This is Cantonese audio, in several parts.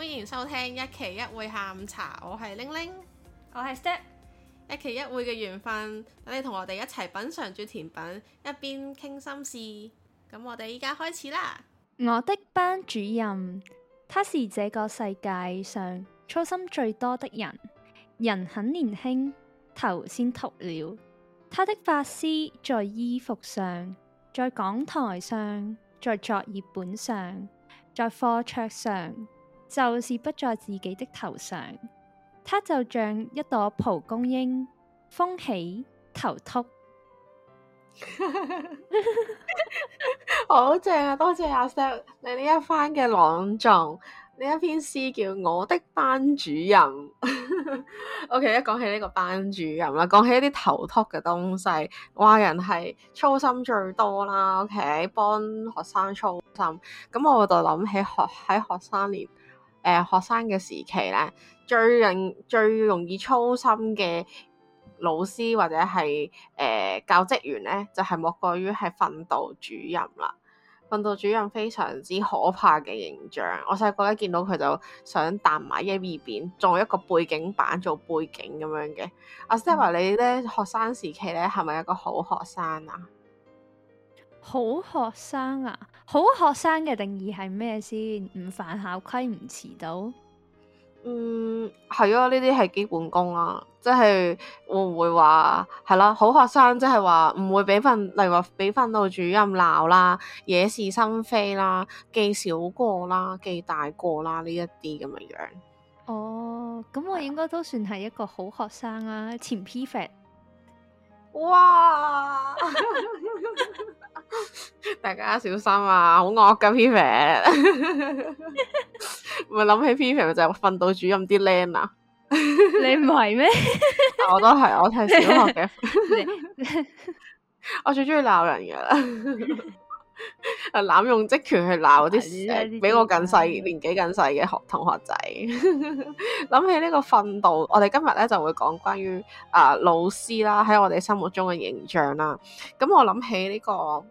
歡迎收聽一期一會下午茶。我係玲玲，我係是 Step。一期一會嘅緣分，等你同我哋一齊品嘗住甜品，一邊傾心事。咁我哋依家開始啦。我的班主任，他是這個世界上操心最多的人。人很年輕，頭先禿了。他的髮絲在衣服上，在講台上，在作業本上，在課桌上。就是不在自己的頭上，他就像一朵蒲公英，風起頭禿。好正啊！多謝阿 Sam 你呢一番嘅朗誦，呢一篇詩叫《我的班主任》。OK，一講起呢個班主任啦，講起一啲頭禿嘅東西，話人係操心最多啦。OK，幫學生操心，咁我就諗起學喺學生年。誒、呃、學生嘅時期咧，最易最容易操心嘅老師或者係誒、呃、教職員咧，就係、是、莫過於係訓導主任啦。訓導主任非常之可怕嘅形象，我細個咧，見到佢就想彈埋喺一邊做一個背景板做背景咁樣嘅。阿 Sir 話你咧學生時期咧係咪一個好學生啊？好學生啊，好學生嘅定義係咩先？唔犯校規，唔遲到。嗯，係啊，呢啲係基本功啦。即係我唔會話係啦，好學生即係話唔會俾份，例如話俾訓導主任鬧啦，惹是生非啦，記小過啦，記大過啦呢一啲咁嘅樣。哦，咁我應該都算係一個好學生啊，前 P 范。哇！ 大家小心啊！好惡噶 p i p p 咪諗起 p i p p 就係訓導主任啲僆啊！ 你唔係咩？我都係，我係小學嘅， 我最中意鬧人噶啦，濫 用職權去鬧啲比我更細年紀更細嘅學同學仔。諗 起呢個訓導，我哋今日咧就會講關於誒、呃、老師啦，喺我哋心目中嘅形象啦。咁、嗯、我諗起呢、這個。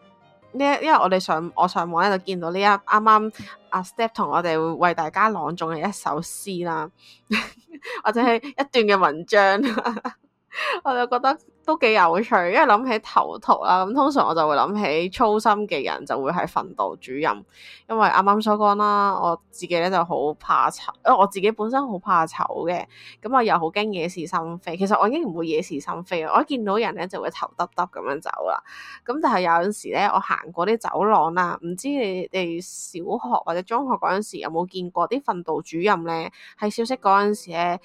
呢，因為我哋上我上網咧，就見到呢一，啱啱阿 Step 同我哋為大家朗誦嘅一首詩啦， 或者係一段嘅文章。 我就覺得都幾有趣，因為諗起頭圖啦。咁通常我就會諗起粗心嘅人就會係訓導主任，因為啱啱所講啦，我自己咧就好怕醜，因為我自己本身好怕醜嘅。咁、嗯、我又好驚惹是生非，其實我已經唔會惹是生非啦。我一見到人咧就會頭耷耷咁樣走啦。咁、嗯、但係有陣時咧，我行過啲走廊啦，唔知你哋小學或者中學嗰陣時有冇見過啲訓導主任咧？喺小息嗰陣時咧。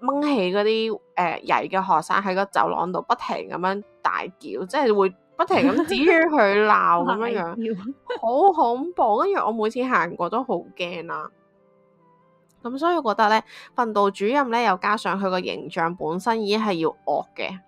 掹起嗰啲誒曳嘅學生喺個走廊度不停咁樣大叫， 即係會不停咁指住佢鬧咁樣樣， 好恐怖。跟住我每次行過都好驚啦。咁所以我覺得咧，訓導主任咧又加上佢個形象本身已經係要惡嘅。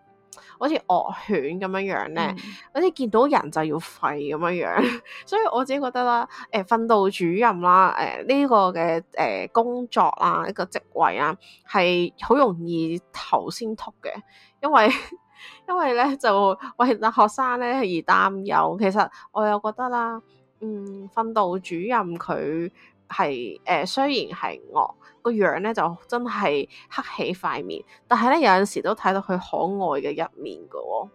好似惡犬咁樣樣咧，好似、嗯、見到人就要吠咁樣樣， 所以我自己覺得啦，誒、呃、訓導主任啦，誒、呃、呢、這個嘅誒、呃、工作啊，一、這個職位啊，係好容易頭先禿嘅，因為 因為咧就為嗱學生咧而擔憂。其實我又覺得啦，嗯，訓導主任佢。係誒、呃，雖然係惡個樣咧，就真係黑起塊面，但係咧有陣時都睇到佢可愛嘅一面噶、哦。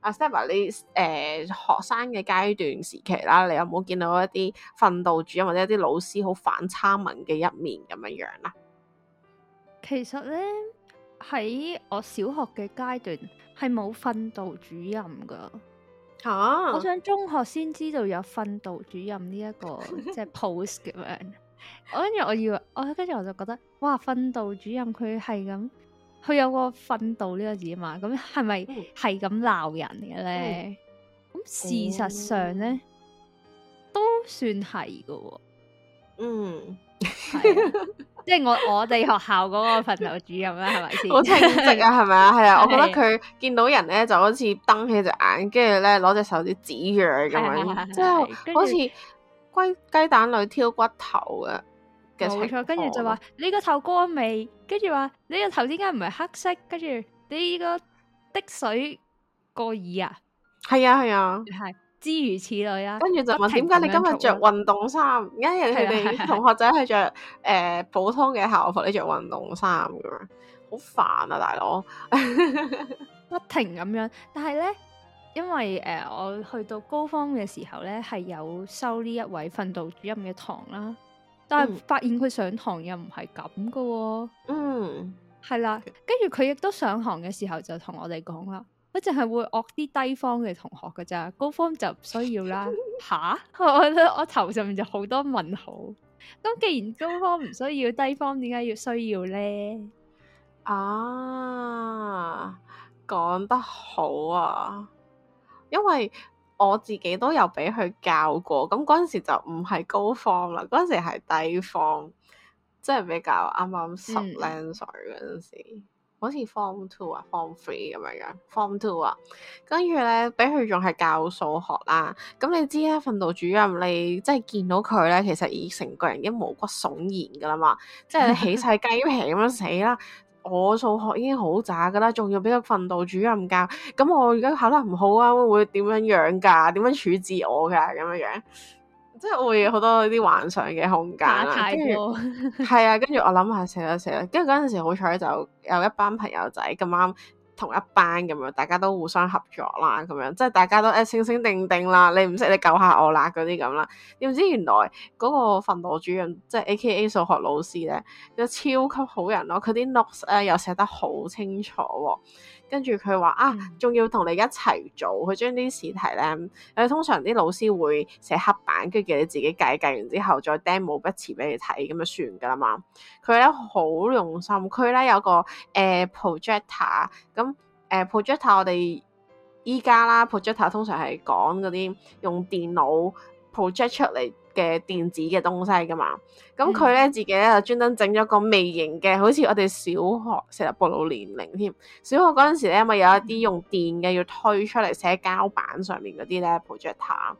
阿 Steph，你誒學生嘅階段時期啦，你有冇見到一啲訓導主任或者一啲老師好反差文嘅一面咁樣樣啦？其實咧喺我小學嘅階段係冇訓導主任噶。吓！Oh. 我想中學先知道有訓導主任呢、這、一個即係、就是、post 咁樣，我跟住我以為，我跟住我就覺得，哇！訓導主任佢係咁，佢有個訓導呢個字啊嘛，咁係咪係咁鬧人嘅咧？咁、oh. 嗯、事實上咧，都算係㗎。嗯、mm. 啊，係。 即係我我哋學校嗰個訓導主任啦，係咪先？好稱職啊，係咪啊？係啊， 我覺得佢見到人咧就好似瞪起隻眼，跟住咧攞隻手指指住佢咁樣，即係、 啊啊啊、好似龜雞蛋裏挑骨頭嘅嘅情況，跟住就話 你個頭乾未，跟住話你個頭點解唔係黑色？跟住你個滴水過耳啊？係啊係啊，係、啊。 諸如此類啦，啊，跟住就問點解，啊，你今日着運動衫，而 家人佢哋同學仔係着誒普通嘅校服，你着運動衫咁，啊，好煩啊，大佬 不停咁樣。但係咧，因為誒、呃、我去到高方嘅時候咧，係有收呢一位訓導主任嘅堂啦，但係發現佢上堂又唔係咁嘅喎。嗯，係啦，跟住佢亦都上堂嘅時候就同我哋講啦。我淨係會惡啲低方嘅同學噶咋，高方就唔需要啦。吓、 啊，我覺得我頭上面就好多問號。咁既然高方唔需要，低方點解要需要咧？啊，講得好啊！因為我自己都有俾佢教過，咁嗰陣時就唔係高方啦，嗰陣時係低方，即係比較啱啱十零歲嗰陣時。嗯好似 Form Two 啊，Form Three 咁樣樣，Form Two 啊，跟住咧，俾佢仲係教數學啦。咁你知咧，訓導主任你真係見到佢咧，其實已成個人已經毛骨悚然噶啦嘛， 即係你起晒雞皮咁樣死啦。我數學已經好渣噶啦，仲要俾個訓導主任教，咁我而家考得唔好啊，會點樣樣噶？點樣處置我噶？咁樣樣。即係會有好多啲幻想嘅空間啦，係啊，跟住著 我諗下寫啦寫啦，跟住嗰陣時好彩就有一班朋友仔咁啱同一班咁樣，大家都互相合作啦，咁樣即係大家都誒星星定定啦，你唔識你救下我啦嗰啲咁啦。點知原來嗰個訓導主任即係 A K A 數學老師咧，個超級好人咯，佢啲 notes 咧又寫得好清楚。跟住佢話啊，仲要同你一齊做，佢將啲試題咧，誒通常啲老師會寫黑板，跟住你自己計計完之後再掟毛筆字俾你睇，咁就算噶啦嘛。佢咧好用心，佢咧有個誒 projector 咁誒 projector 我哋依家啦 projector 通常係講嗰啲用電腦 project 出嚟。嘅電子嘅東西㗎嘛，咁佢咧自己咧就專登整咗個微型嘅，好似我哋小學成日暴露年齡添。小學嗰陣時咧，咪有一啲用電嘅要推出嚟寫膠板上面嗰啲咧 projector。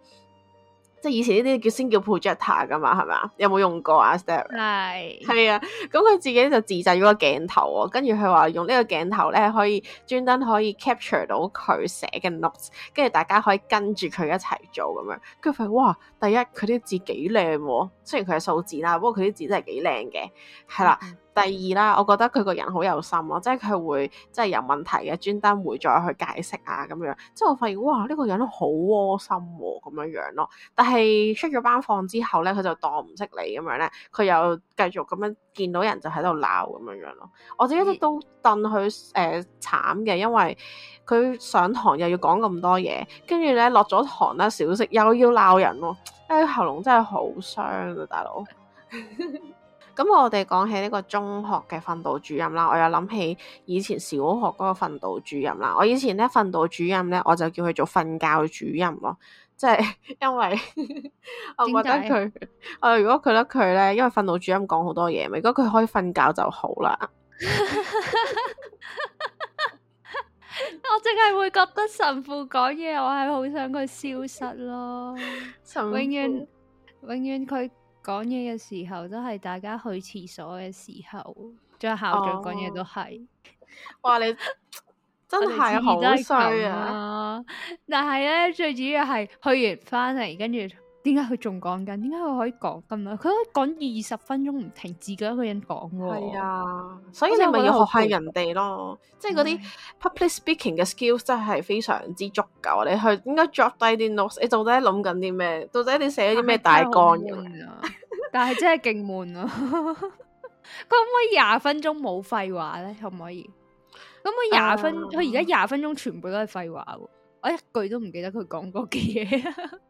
即係以前呢啲叫先叫 projector 㗎嘛，係咪啊？有冇用過阿 Stare？係係啊，咁 佢樂自己就自製咗個鏡頭喎，跟住佢話用呢個鏡頭咧可以專登可以 capture 到佢寫嘅 notes，跟住大家可以跟住佢一齊做咁樣。跟住佢話哇，第一佢啲字幾靚喎，雖然佢係數字啦，不過佢啲字真係幾靚嘅，係啦。 第二啦，我覺得佢個人好有心咯，即係佢會即係有問題嘅，專登會再去解釋啊咁樣。即係我發現哇，呢、呢個人都好窩心喎、啊，咁樣樣咯。但係出咗班房之後咧，佢就當唔識你咁樣咧，佢又繼續咁樣見到人就喺度鬧咁樣樣咯。我自己都戥佢誒慘嘅，因為佢上堂又要講咁多嘢，跟住咧落咗堂咧小息，又要鬧人喎、啊，誒喉嚨真係好傷啊，大佬。 咁、嗯、我哋講起呢個中學嘅訓導主任啦，我又諗起以前小學嗰個訓導主任啦。我以前咧訓導主任咧，我就叫佢做瞓覺主任咯，即係因為 我覺得佢，誒，如果佢得佢咧，因為訓導主任講好多嘢嘛，如果佢可以瞓覺就好啦。 我淨係會覺得神父講嘢，我係好想佢消失咯 神父，永遠永遠佢。講嘢嘅時候都係大家去廁所嘅時候，再校長講嘢都係，oh. 哇你真係好衰啊！但係咧最主要係去完返嚟，跟住。點解佢仲講緊？點解佢可以講咁樣？佢可以講二十分鐘唔停，自己一個人講。係啊，所以你咪要學下人哋咯。是即係嗰啲 public speaking 嘅 skills 真係非常之足夠。你去應該 drop 低啲 notes，你到底諗緊啲咩？到底你寫啲咩大綱咁樣？但係真係勁悶啊！佢可唔可以廿分鐘冇廢話咧？可唔可以？可唔可以廿分？佢而家廿分鐘全部都係廢話，我一句都唔記得佢講過嘅嘢。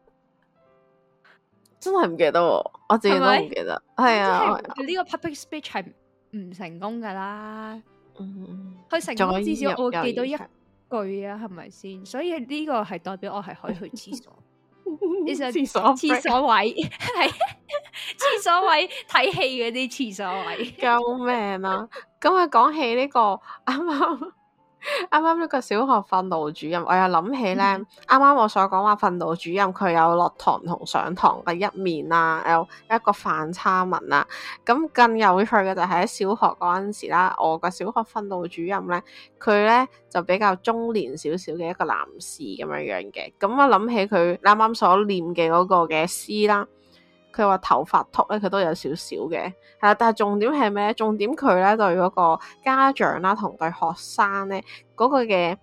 真係唔記得，我自己都唔記得，係啊！呢個 public speech 係唔成功噶啦，佢成功至少我會記到一句啊，係咪先？所以呢個係代表我係可以去廁所，其實 's 廁所位係廁所位睇戲嗰啲廁所位。救 命 啊！咁啊、這個，講起呢個啱啱。啱啱呢個小學訓導主任，我又諗起咧，啱啱，嗯、我所講話訓導主任佢有落堂同上堂嘅一面啊，有一個反差文啊。咁更有趣嘅就係喺小學嗰陣時啦，我個小學訓導主任咧，佢咧就比較中年少少嘅一個男士咁樣樣嘅。咁，嗯、我諗起佢啱啱所念嘅嗰個嘅詩啦。佢話頭髮禿咧，佢都有少少嘅，係啦。但係重點係咩？重點佢咧對嗰個家長啦、啊，同對學生咧嗰、那個嘅誒、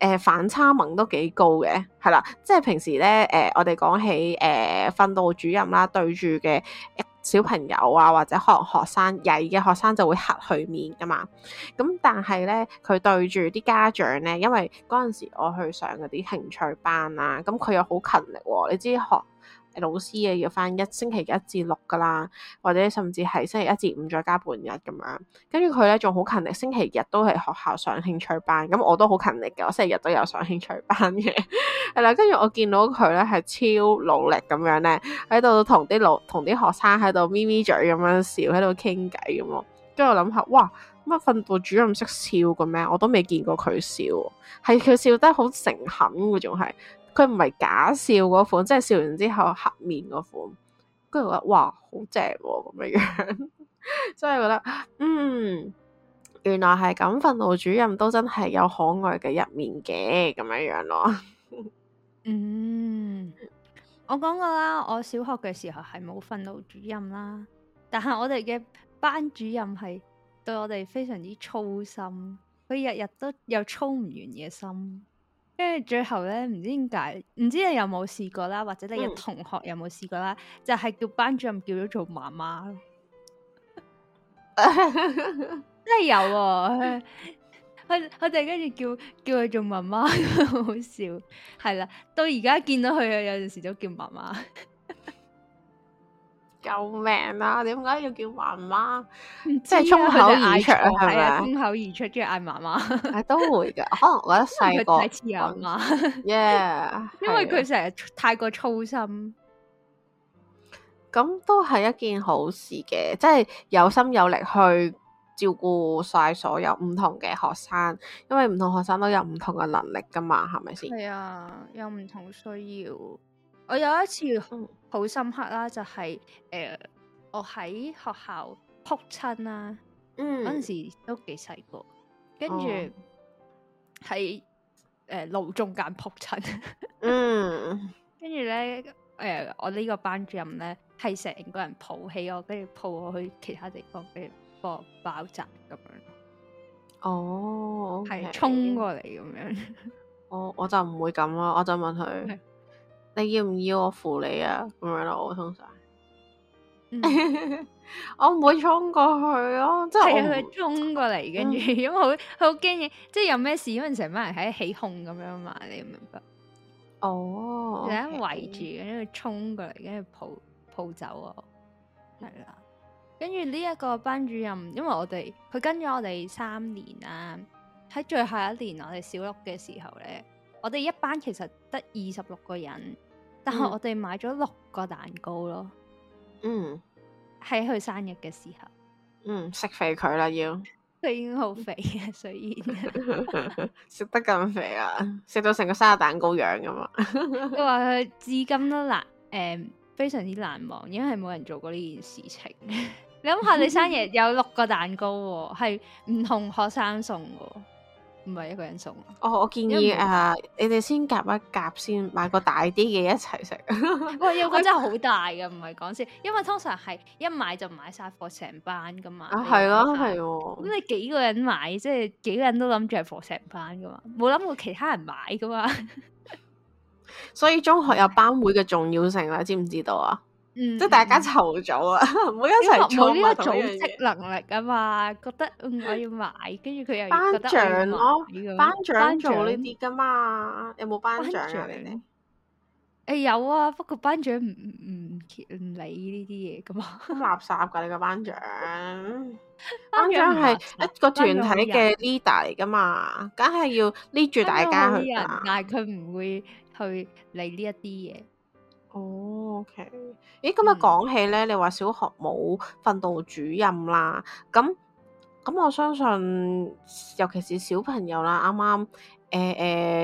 呃、反差萌都幾高嘅，係啦。即係平時咧誒、呃，我哋講起誒、呃、訓導主任啦，對住嘅小朋友啊，或者學學生曳嘅學生就會黑佢面噶嘛。咁但係咧，佢對住啲家長咧，因為嗰陣時我去上嗰啲興趣班啦、啊，咁佢又好勤力喎、啊。你知學？老師嘅要返一星期一至六噶啦，或者甚至係星期一至五再加半日咁樣。跟住佢咧仲好勤力，星期日都喺學校上興趣班。咁我都好勤力嘅，我星期日都有上興趣班嘅。係 啦，跟住我見到佢咧係超努力咁樣咧，喺度同啲老同啲學生喺度咪，咪咪嘴咁樣笑，喺度傾偈咁咯。跟住我諗下，哇，乜訓導主任識笑嘅咩？我都未見過佢笑，係佢笑得好誠懇嘅仲係。佢唔係假笑嗰款，即係笑完之後黑面嗰款，跟住話哇好正咁樣樣， 所以覺得嗯，原來係咁，訓導主任都真係有可愛嘅一面嘅咁樣樣咯。 嗯，我講過啦，我小學嘅時候係冇訓導主任啦，但係我哋嘅班主任係對我哋非常之操心，佢日日都有操唔完嘅心。跟住最後咧，唔知點解，唔知你有冇試過啦，或者你嘅同學有冇試過啦，嗯、就係叫班主任叫咗做媽媽， 真係有、啊，佢佢哋跟住叫叫佢做媽媽，好 好笑，係啦，到而家見到佢有陣時都叫媽媽。救命啊，點解要叫媽媽？即係衝口而出係啊，衝口而出即係嗌媽媽，係都會噶。可能我一細個，佢太似阿媽。Yeah 因為佢成日太過操心。咁在 都係一件好事嘅，即係有心有力去照顧晒所有唔同嘅學生，因為唔同學生都有唔同嘅能力噶嘛，係咪先？係啊， 有唔同需要。我有一次好深刻啦，就係、是、誒、呃，我喺學校撲親啦，嗰陣、嗯、時都幾細個，跟住喺誒路中間撲親， 嗯，跟住咧誒，我呢個班主任咧係成個人抱起我，跟住抱我去其他地方，跟住幫我爆炸咁樣，哦，係、okay、衝過嚟咁樣， 我我就唔會咁咯，我就問佢。你要唔要我扶你啊？咁樣咯，我通常 我唔會衝過去咯，即係佢衝過嚟，跟住因為好好驚嘅，即係有咩事，因為成班人喺起哄咁樣嘛，你明白？哦、oh, okay.，就係圍住，跟住佢衝過嚟，跟住抱抱走啊！係啦，跟住呢一個班主任，因為我哋佢跟咗我哋三年啊，喺最後一年，我哋小六嘅時候咧。我哋一班其實得二十六個人，嗯、但係我哋買咗六個蛋糕咯。嗯，喺佢生日嘅時候，嗯，食肥佢啦要，佢已經好肥， 肥啊，所以食得咁肥啊，食到成個生日蛋糕樣噶嘛。佢話佢至今都難，誒、呃，非常之難忘，因為冇人做過呢件事情。 你諗下，你生日有六個蛋糕，係唔同學生送嘅。唔係一個人送。哦，我建議誒、啊，你哋先夾一夾先，買個大啲嘅一齊食。 喂，要嗰真係好大嘅，唔係講笑，因為通常係一買就買晒課成班噶嘛。啊，係啦，係喎、啊。咁你、啊啊、幾個人買，即係幾個人都諗住係課成班噶嘛，冇諗過其他人買噶嘛。 所以中學有班會嘅重要性啦，知唔知道啊？嗯，即係大家嘈咗啊！冇一齊，冇呢個組織能力啊嘛。覺得我要買，跟住佢又覺得我要俾咁。班長咯，班長做呢啲噶嘛。有冇班長啊？誒有啊，不過班長唔唔唔理呢啲嘢噶嘛，垃圾噶你個班長。班長係一個團體嘅 leader 嚟噶嘛，梗係要 lead 住大家。啲人嗌佢唔會去理呢一啲嘢。哦、oh，OK，咦，今日講起咧，嗯、你話小學冇訓導主任啦，咁咁我相信，尤其是小朋友啦，啱啱誒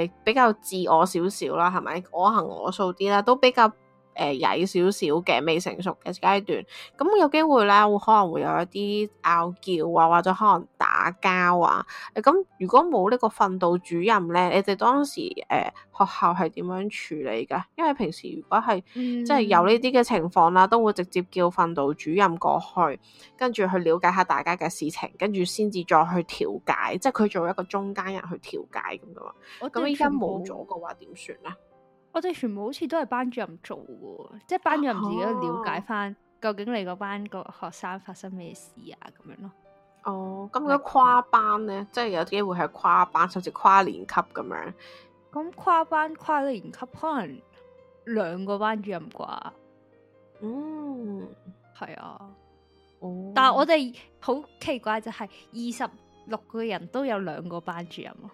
誒比較自我少少啦，係咪我行我素啲啦，都比較。誒曳少少嘅未成熟嘅階段，咁、嗯、有機會咧，會可能會有一啲拗撬啊，或者可能打交啊。咁、嗯、如果冇呢個訓導主任咧，你哋當時誒、呃、學校係點樣處理噶？因為平時如果係、嗯、即係有呢啲嘅情況啦，都會直接叫訓導主任過去，跟住去了解下大家嘅事情，跟住先至再去調解，即係佢做一個中間人去調解咁嘅嘛。咁依家冇咗嘅話，點算咧？我哋全部好似都係班主任做嘅，即係班主任自己了解翻、啊、究竟你嗰班個學生發生咩事啊，咁樣咯。哦，咁如果跨班咧，嗯、即係有啲機會係跨班甚至跨年級咁樣。咁跨班跨年級可能兩個班主任啩？嗯，係、嗯、啊。哦，但係我哋好奇怪就係二十六個人都有兩個班主任咯。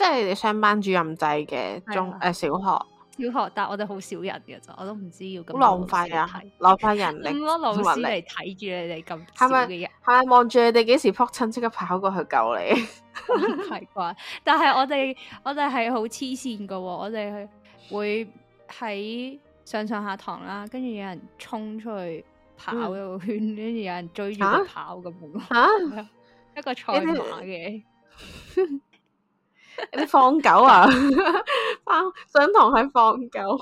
即係你哋上班主任制嘅中誒小學，小學，但係我哋好少人嘅咋，我都唔知要咁浪費啊，浪費人力，用咗、 嗯、老師嚟睇住你哋咁少嘅人，係望住你哋幾時扑親，即刻跑過去救你？唔係啩？但係我哋我哋係好黐線噶，我哋去會喺上上下堂啦，跟住有人衝出去跑個圈，跟住、嗯、有人追住佢跑咁、啊啊、 一個賽馬嘅。你看 你放狗啊？翻上堂係放狗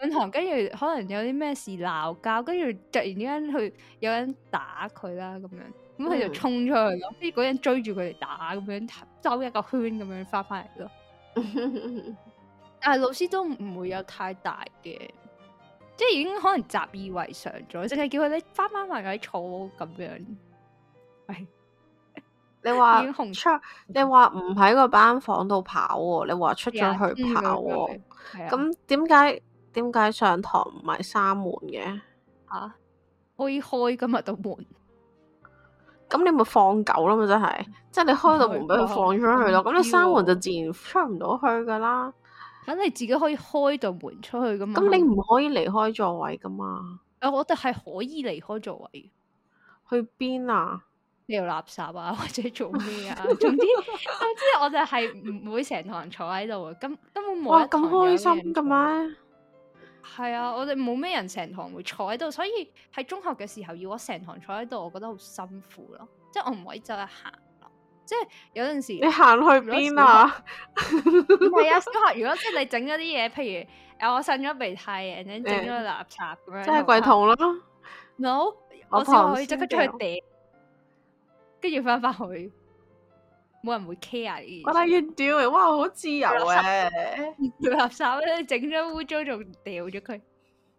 上，上堂跟住可能有啲咩事鬧交，跟住突然之間去有人打佢啦，咁樣咁佢就衝出去咁，啲嗰、嗯、人追住佢嚟打，咁樣兜一個圈咁樣翻翻嚟咯。嗯、 但係老師都唔會有太大嘅，即係已經可能習以為常咗，淨係叫佢哋翻翻埋嗰啲草咁樣。你話出，你話唔喺個班房度跑，你話出咗去跑，咁點解點解上堂唔係閂門嘅？啊，可以開今日度門，咁你咪放狗啦嘛！真係、啊，即係你開度門畀佢放出去咯。咁你閂門就自然出唔到去噶啦。咁你自己可以開度門出去噶嘛？咁你唔可以離開座位噶嘛？誒，我哋係可以離開座位，去邊啊？丟垃圾啊，或者做咩啊？總之總之，我哋係唔會成堂坐喺度嘅，根根本冇。哇，咁開心噶嘛？係啊，我哋冇咩人成堂會坐喺度，所以喺中學嘅時候要我成堂坐喺度，我覺得好辛苦咯。即係我唔可以就係行，即係有陣時你行去邊啊？係啊，小學如果即係你整咗啲嘢，譬如誒我擤咗鼻涕，然後整咗垃圾咁樣，即係櫃桶咯。No，我只可以即刻出去跟住翻返去，冇人會 care 呢嘢我睇見丟嘅，哇，好自由誒！咁垃圾咧，整咗污糟，仲掉咗佢，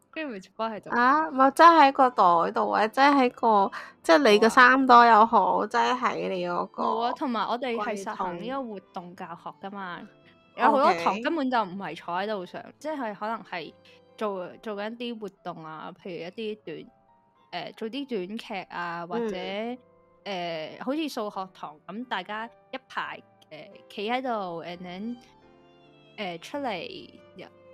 跟住咪放喺度啊！我即喺個袋度啊，即喺個即係你個衫袋又好，即喺你嗰個。啊！同埋我哋係實行呢個活動教學㗎嘛，有好 Okay. 多堂根本就唔係坐喺度上，即係可能係做做緊啲活動啊，譬如一啲短誒、呃、做啲短劇啊，或者、嗯。誒、呃，好似數學堂咁，大家一排誒，企喺度 a 誒，出嚟，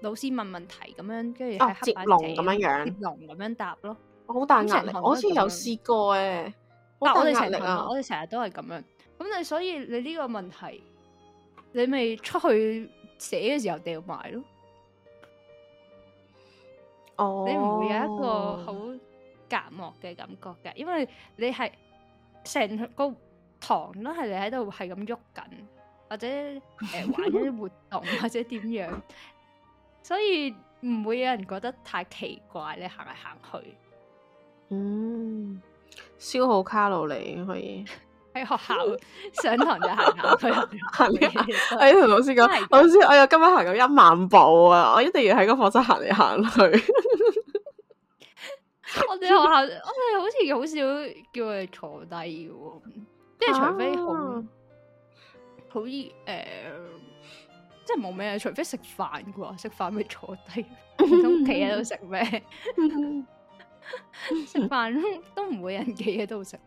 老師問問題咁樣，跟住喺黑板寫咁樣樣，接龍咁樣答咯。好大壓力，我好似有試過誒、啊，我哋成日，我哋成日都係咁樣。咁你所以你呢個問題，你咪出去寫嘅時候掉埋咯。哦，oh. 你唔會有一個好隔膜嘅感覺嘅，因為你係。成個堂都係你喺度，係咁喐緊，或者誒、呃、玩一啲活動，或者點樣，所以唔會有人覺得太奇怪。你行嚟行去，嗯，消耗卡路里可以喺 學校上堂就行嚟行去，行嚟 以。我要同老師講，老師，我、哎、有今日行咗一萬步啊！我一定要喺個課室行嚟行去。 我哋學校，我哋好似好少叫佢坐低嘅，即係除非好好易，誒、呃，即係冇咩啊，除非食飯啩，食飯咪坐低，唔通企喺度食咩？食飯都唔會人企喺度食。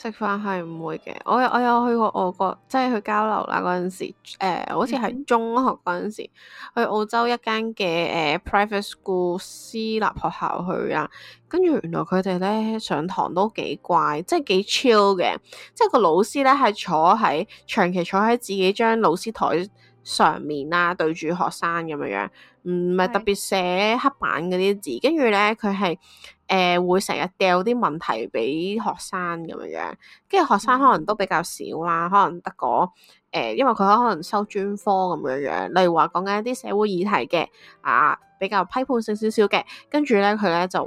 食飯係唔會嘅，我有我有去過外國，即係去交流啦嗰陣時、呃，好似係中學嗰陣時、mm hmm. 去澳洲一間嘅誒、呃、private school 私立學校去啊，跟住原來佢哋咧上堂都幾乖，即係幾 chill 嘅，即係個老師咧係坐喺長期坐喺自己張老師台上面啦、啊，對住學生咁樣樣，唔係特別寫黑板嗰啲字，跟住咧佢係。Hmm. 誒會成日掉啲問題俾學生咁樣樣，跟住學生可能都比較少啦，嗯、可能得個、呃、因為佢可能收專科咁樣樣，例如話講緊一啲社會議題嘅啊，比較批判性少少嘅，跟住咧佢咧就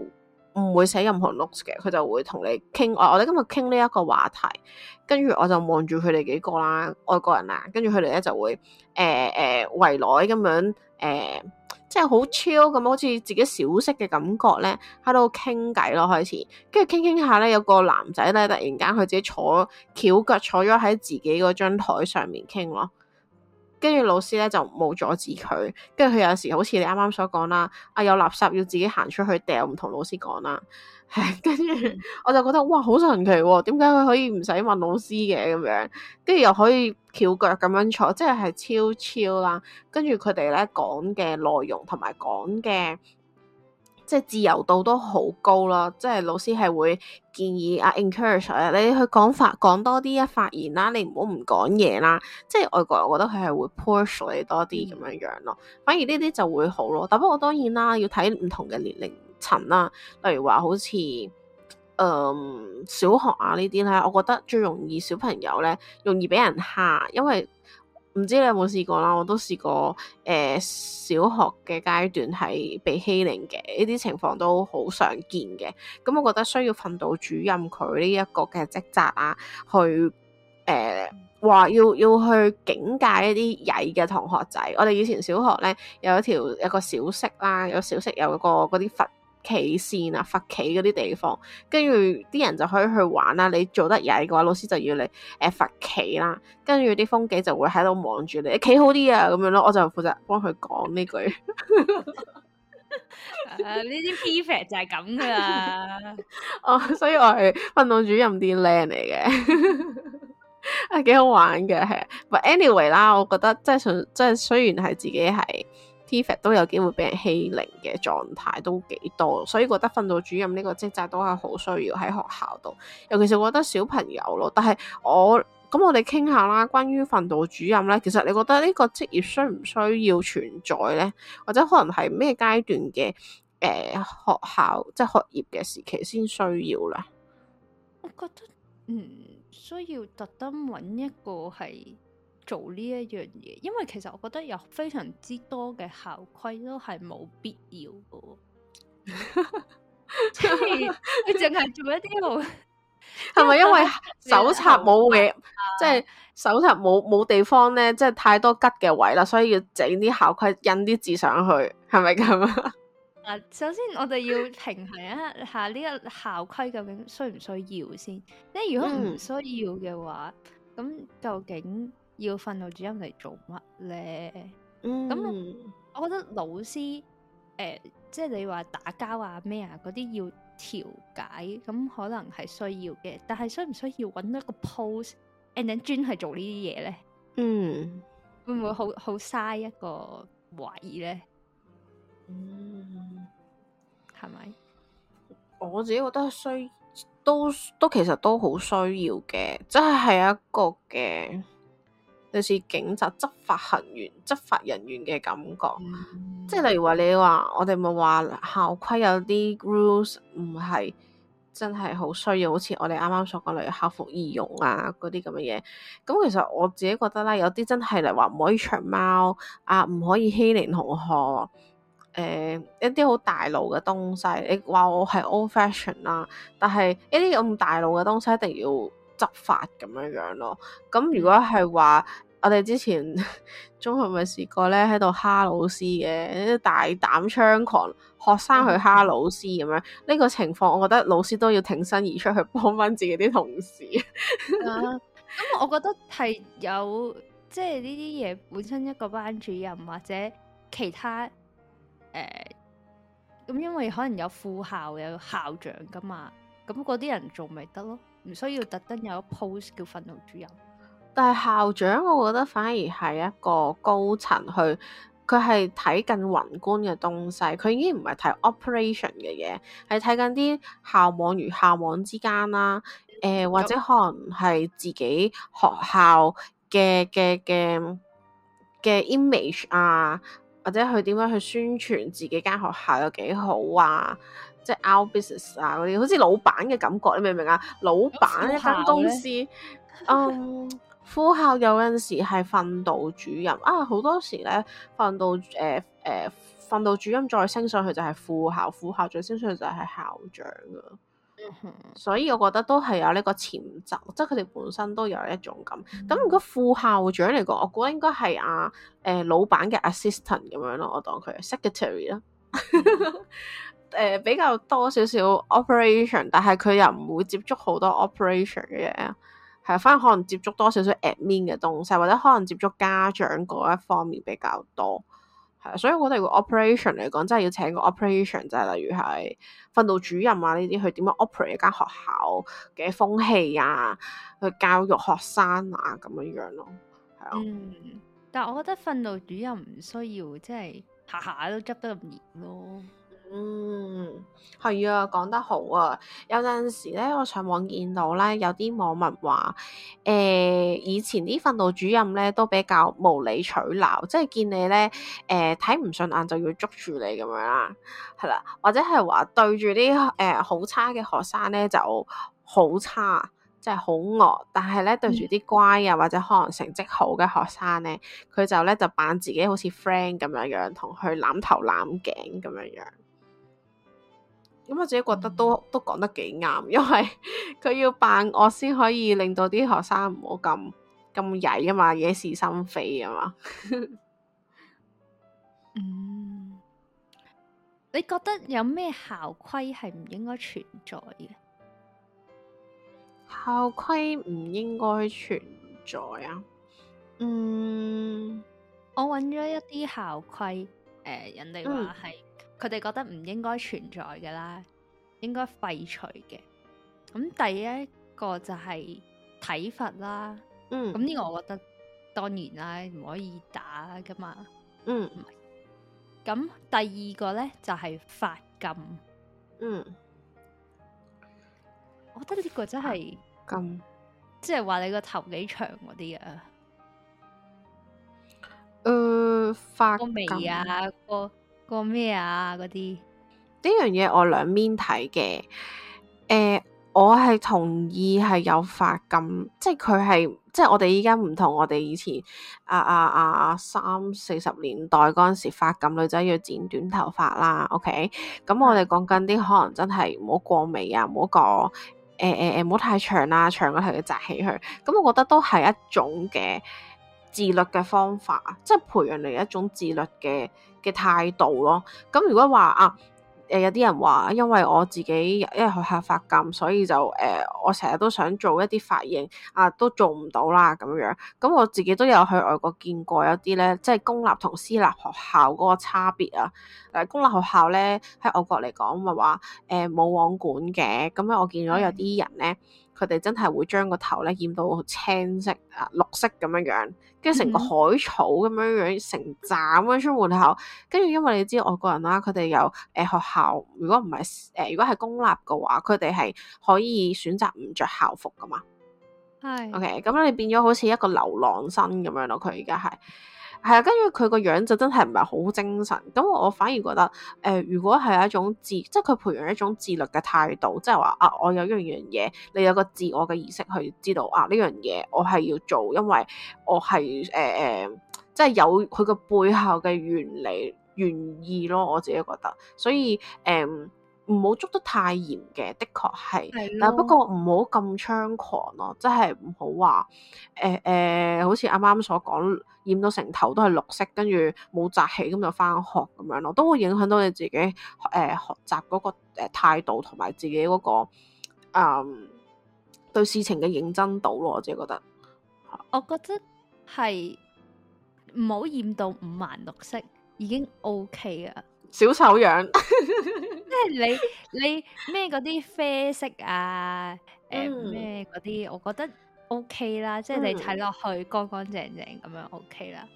唔會寫任何 notes 嘅，佢就會同你傾、嗯啊。我哋今日傾呢一個話題，跟住我就望住佢哋幾個啦，外國人啊，跟住佢哋咧就會誒誒圍來咁樣誒。呃即係好超咁，好似自己小息嘅感覺咧，喺度傾偈咯。開始，跟住傾傾下咧，有個男仔咧，突然間佢自己坐，蹺腳坐咗喺自己嗰張台上面傾咯。跟住老師咧就冇阻止佢，跟住佢有時好似你啱啱所講啦，啊有垃圾要自己行出去掉，唔同老師講啦。跟 住我就覺得哇，好神奇喎、哦！點解佢可以唔使問老師嘅咁樣，跟住又可以翹腳咁樣坐，即係超 chill 啦。跟住佢哋咧講嘅內容同埋講嘅。即係自由度都好高啦，即係老師係會建議啊，encourage 你去講法，講多啲嘅發言啦，你唔好唔講嘢啦。即係外國人，我覺得佢係會 push 你多啲咁樣樣咯。反而呢啲就會好咯，但不過當然啦，要睇唔同嘅年齡層啦。例如話好似誒、嗯、小學啊呢啲咧，我覺得最容易小朋友咧容易俾人蝦，因為。唔知你有冇試過啦？我都試過，誒、呃，小學嘅階段係被欺凌嘅，呢啲情況都好常見嘅。咁我覺得需要訓導主任佢呢一個嘅職責啊，去誒話、呃、要要去警戒一啲曳嘅同學仔。我哋以前小學咧，有一條有一個小息啦，有小息有個嗰啲佛。企線啊，罰企嗰啲地方，跟住啲人就可以去玩啦。你做得曳嘅話，老師就要你誒罰企啦。跟住啲風紀就會喺度望住你，企好啲啊咁樣咯。我就負責幫佢講呢句。誒 、啊，呢啲 P 片就係咁噶啦。 哦，所以我係運動主任啲靚嚟嘅，係 幾、啊、好玩嘅。係 but anyway 啦，我覺得即係純，即係雖然係自己係。都有機會俾人欺凌嘅狀態都幾多，所以覺得訓導主任呢個職責都係好需要喺學校度，尤其是我覺得小朋友咯。但係我咁，我哋傾下啦，關於訓導主任咧，其實你覺得呢個職業需唔需要存在咧？或者可能係咩階段嘅誒、呃、學校即係學業嘅時期先需要啦？我覺得嗯，需要特登揾一個係做呢一樣嘢，因為其實我覺得有非常之多嘅校規都係冇必要嘅，你淨係做一啲無係咪？因為手冊冇嘅，即係 手冊冇冇地方咧，即、就、係、是、太多吉嘅位啦，所以要整啲校規印啲字上去，係咪咁啊？ 首先我哋要平衡一下呢個校規究竟需唔需要先，你如果唔需要嘅話，咁、嗯、究竟？要訓導主任嚟做乜咧？咁、嗯、我覺得老師誒，即、呃、係、就是、你話打交啊，啊、咩啊嗰啲要調解，咁可能係需要嘅。但係需唔需要揾一個 post，and then 專係做呢啲嘢咧？嗯，會唔會好好嘥一個位咧？嗯，係咪我自己覺得需都都其實都好需要嘅，即係係一個嘅。類似警察執法行員、執法人員嘅感覺，即係、mm hmm. 例如話你話我哋咪話校規有啲 rules 唔係真係好需要，好似我哋啱啱所講例如校服儀容啊嗰啲咁嘅嘢。咁其實我自己覺得啦，有啲真係嚟話唔可以出貓啊，唔可以欺凌同學，誒、呃、一啲好大路嘅東西。你話我係 old fashion 啦、啊，但係一啲咁大路嘅東西一定要。執法咁樣樣咯，咁、嗯、如果係話我哋之前中學咪試過咧，喺度蝦老師嘅，大膽猖狂學生去蝦老師咁樣呢，這個情況，我覺得老師都要挺身而出去幫翻自己啲同事。咁、嗯 啊，我覺得係有即係呢啲嘢本身一個班主任或者其他誒，咁、呃、因為可能有副校有校長噶嘛，咁嗰啲人做咪得咯。唔需要特登有一 post 叫訓導主任，但係校長我覺得反而係一個高層去，佢係睇緊宏觀嘅東西，佢已經唔係睇 operation 嘅嘢，係睇緊啲校網與校網之間啦、啊，誒、呃、或者可能係自己學校嘅嘅嘅嘅 image 啊，或者佢點樣去宣傳自己間學校有幾好啊？即係 out business 啊，嗰啲好似老闆嘅感覺，你明唔明啊？老闆一間公司，嗯，副校有陣時係訓導主任啊，好多時咧訓導誒誒訓導主任再升上去就係副校，副校長再升上去就係校長咯。嗯、哼所以我覺得都係有呢個潛質，即係佢哋本身都有一種咁。咁、嗯、如果副校長嚟講，我估應該係啊誒、呃、老闆嘅 assistant 咁樣咯，我當佢係 secretary 啦。嗯 誒、呃、比較多少少 operation，但係佢又唔會接觸好多 operation 嘅嘢，係反而可能接觸多少少 admin 嘅東西，或者可能接觸家長嗰一方面比較多，係啊。所以我哋個 operation 嚟講，真係要請個 operation，就係例如係訓導主任啊呢啲，去點樣 operate 間學校嘅風氣啊，去教育學生啊咁樣樣咯。係啊，嗯、但係我覺得訓導主任唔需要即係下下都執得咁嚴咯。嗯，係啊，講得好啊。有陣時咧，我上網見到咧，有啲網民話，誒、呃，以前啲訓導主任咧都比較無理取鬧，即係見你咧，誒、呃，睇唔順眼就要捉住你咁樣啦，係啦，或者係話對住啲誒好差嘅學生咧就好差，即係好惡。但係咧，對住啲乖啊或者可能成績好嘅學生咧，佢就咧就扮自己好似 friend 咁樣樣，同佢攬頭攬頸咁樣樣。咁我自己覺得都、嗯、都講得幾啱，因為佢要扮惡先可以令到啲學生唔好咁咁曳啊嘛，惹是生非啊嘛。嗯，你覺得有咩校規係唔應該存在嘅？校規唔應該存在啊。嗯，我揾咗一啲校規，誒、呃，人哋話係。佢哋覺得唔應該存在嘅啦，應該廢除嘅。咁第一個就係體罰啦。嗯，咁呢個我覺得當然啦，唔可以打㗎嘛。嗯。咁第二個咧就係、是、髮禁。嗯。我覺得呢個真係髮禁，即係話你個頭幾長嗰啲啊。誒、呃，罰眉啊、那個。個咩啊？嗰啲呢樣嘢我兩邊睇嘅。誒、欸，我係同意係有髮禁，即係佢係即係我哋依家唔同我哋以前啊啊啊三四十年代嗰陣時髮禁，女仔要剪短頭髮啦。OK，咁、嗯嗯、我哋講緊啲可能真係唔好過眉啊，唔好過誒誒誒，唔、欸、好、欸欸、太長啦、啊，長咗係要紮起佢。咁我覺得都係一種嘅自律嘅方法，即係培養你一種自律嘅。嘅態度咯，咁、嗯、如果話啊，誒，有啲人話，因為我自己因為學校髮禁，所以就誒、呃、我成日都想做一啲髮型，啊都做唔到啦咁樣，咁、嗯、我自己都有去外國見過有啲咧，即係公立同私立學校嗰個差別啊。誒、呃、公立學校咧喺外國嚟講咪話誒冇網管嘅，咁、嗯、咧我見咗有啲人咧。佢哋真係會將個頭咧染到青色啊、綠色咁樣樣，跟住成個海草咁樣樣、嗯、成站咁出門口。跟住因為你知道外國人啦，佢哋有誒、呃、學校，如果唔係誒，如果係公立嘅話，佢哋係可以選擇唔着校服噶嘛。係是。OK，咁你變咗好似一個流浪生咁樣咯，佢而家係。係啊，跟住佢個樣就真係唔係好精神，咁我反而覺得，誒、呃，如果係一種自，即係佢培養一種自律嘅態度，即係話啊，我有一樣嘢，你有個自我嘅意識去知道啊，呢樣嘢我係要做，因為我係誒、呃呃，即係有佢個背後嘅原理原意咯，我自己覺得，所以誒。呃唔好捉得太嚴嘅，的確係，的但不過唔好咁猖狂咯，即係唔好話，誒、呃、誒、呃，好似啱啱所講染到成頭都係綠色，跟住冇紮起，咁就返學咁樣咯，都會影響到你自己誒、呃、學習嗰個誒態度同埋自己嗰、嗰個，嗯、呃，對事情嘅認真度咯，我自己覺得，我覺得係唔好染到五顏六色已經 OK 啊。小丑樣 即係你你咩嗰啲啡色啊，誒咩嗰啲，我覺得 OK 啦，即係你睇落去乾乾淨淨咁樣 O K 啦。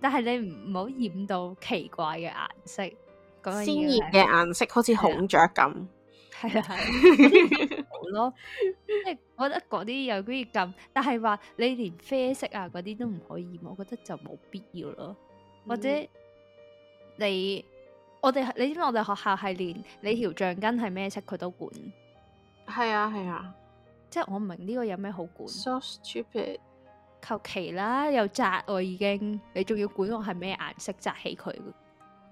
但係你唔好染到奇怪嘅顏色，咁鮮艷嘅顏色好似孔雀咁，係啊係好咯，即係我覺得嗰啲又可以撳，但係話你連啡色啊嗰啲都唔可以染，我覺得就冇必要咯，或者你。 我哋，你知我哋學校係連你條橡筋係咩色佢都管？係啊係啊，啊即係我唔明呢個有咩好管。So stupid，求其啦，又紮我已經，你仲要管我係咩顏色紮起佢？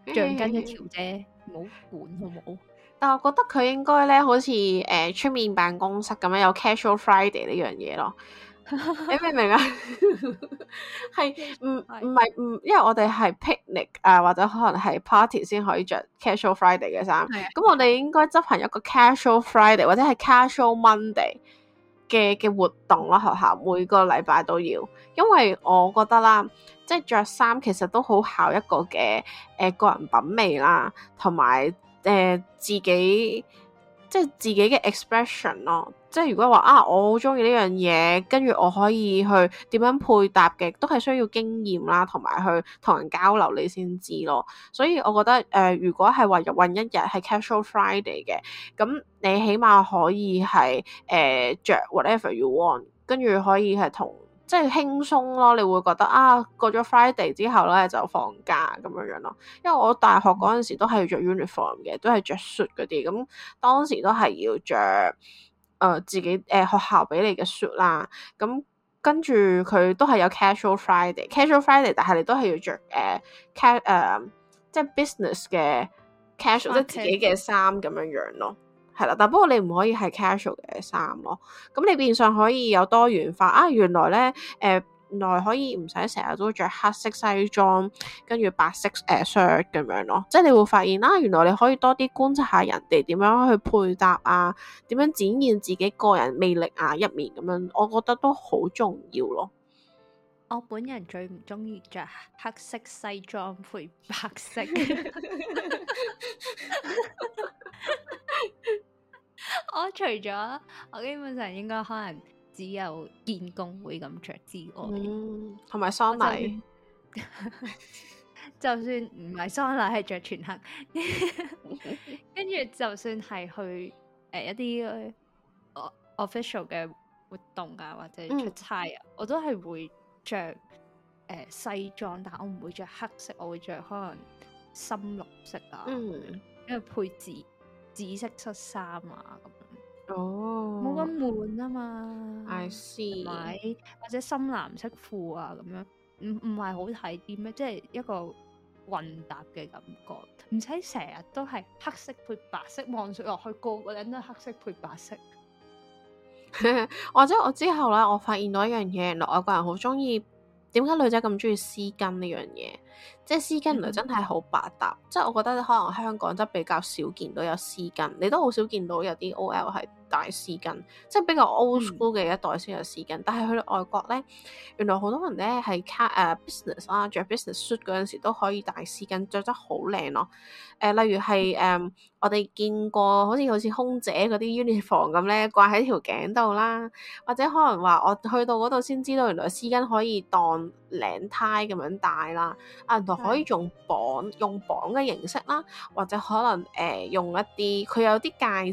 橡筋一條啫，唔好管好唔好？ 但係我覺得佢應該咧，好似誒出面辦公室咁樣有 casual Friday 呢樣嘢咯。你明唔明啊？係唔唔係唔？因為我哋係 picnic 啊，或者可能係 party 先可以着 casual Friday 嘅衫。咁的我哋應該執行一個 casual Friday 或者係 casual Monday 嘅嘅活動啦。學校每個禮拜都要，因為我覺得啦，即係着衫其實都好考一個嘅誒個人品味啦，同埋誒自己。即係自己嘅 expression 咯，即係如果話啊，我好中意呢樣嘢，跟住我可以去點樣配搭嘅，都係需要經驗啦，同埋去同人交流你先知咯。所以我覺得誒、呃，如果係話入運一日係 Casual Friday 嘅，咁你起碼可以係誒著 whatever you want，跟住可以係同。即係輕鬆咯，你會覺得啊，過咗 Friday 之後咧就放假咁樣樣咯。因為我大學嗰陣時都係要着 uniform 嘅，都係着 shirt 嗰啲。咁當時都係要着誒、呃、自己誒、呃、學校俾你嘅 shirt 啦。咁跟住佢都係有 casual Friday，casual Friday，但係你都係要着誒、呃 ca, 呃、cas 誒 Okay. 即係 business 嘅 casual，即係自己嘅衫咁樣樣咯。係啦，但不過你唔可以係 casual 嘅衫咯。咁你變相可以有多元化啊！原來咧，誒、呃，原來可以唔使成日都着黑色西裝，跟住白色誒、呃、shirt 咁樣咯。即係你會發現啦、啊，原來你可以多啲觀察下人哋點樣去配搭啊，點樣展現自己個人魅力啊一面咁樣，我覺得都好重要咯。我本人最唔中意着黑色西裝配白色。 我除咗我基本上應該可能只有見工會咁着之外，同埋，嗯、喪禮，就算唔係 喪禮，係着全黑，跟住就算係去誒、呃、一啲 official、呃、嘅活動啊，或者出差，啊、嗯，我都係會着誒、呃、西裝，但係我唔會着黑色，我會着可能深綠色啊，因為、嗯、配紫紫色恤衫啊咁。哦，冇咁、oh, 悶啊嘛，I see，或者深藍色褲啊咁樣，唔唔係好睇啲咩？即係一個混搭嘅感覺，唔使成日都係黑色配白色，望住落去個個人都係黑色配白色。或者 我之後咧，我發現到一樣嘢，原來外國人好中意，點解女仔咁中意絲巾呢樣嘢？即係絲巾原來真係好百搭，mm hmm. 即係我覺得可能香港真係比較少見到有絲巾，你都好少見到有啲 O L 係，大絲巾，即係比較 old school 嘅一代先有絲巾，嗯、但係去到外國咧，原來好多人咧係卡誒 business 啦，著、啊、business、啊、business suit 嗰陣時都可以大絲巾，着得好靚咯。誒、呃，例如係誒、嗯，我哋見過好似好似空姐嗰啲 uniform 咁咧，掛喺條頸度啦，或者可能話我去到嗰度先知道，原來絲巾可以當領呔咁樣戴啦，啊同可以用綁用綁嘅形式啦，或者可能誒用一啲佢有啲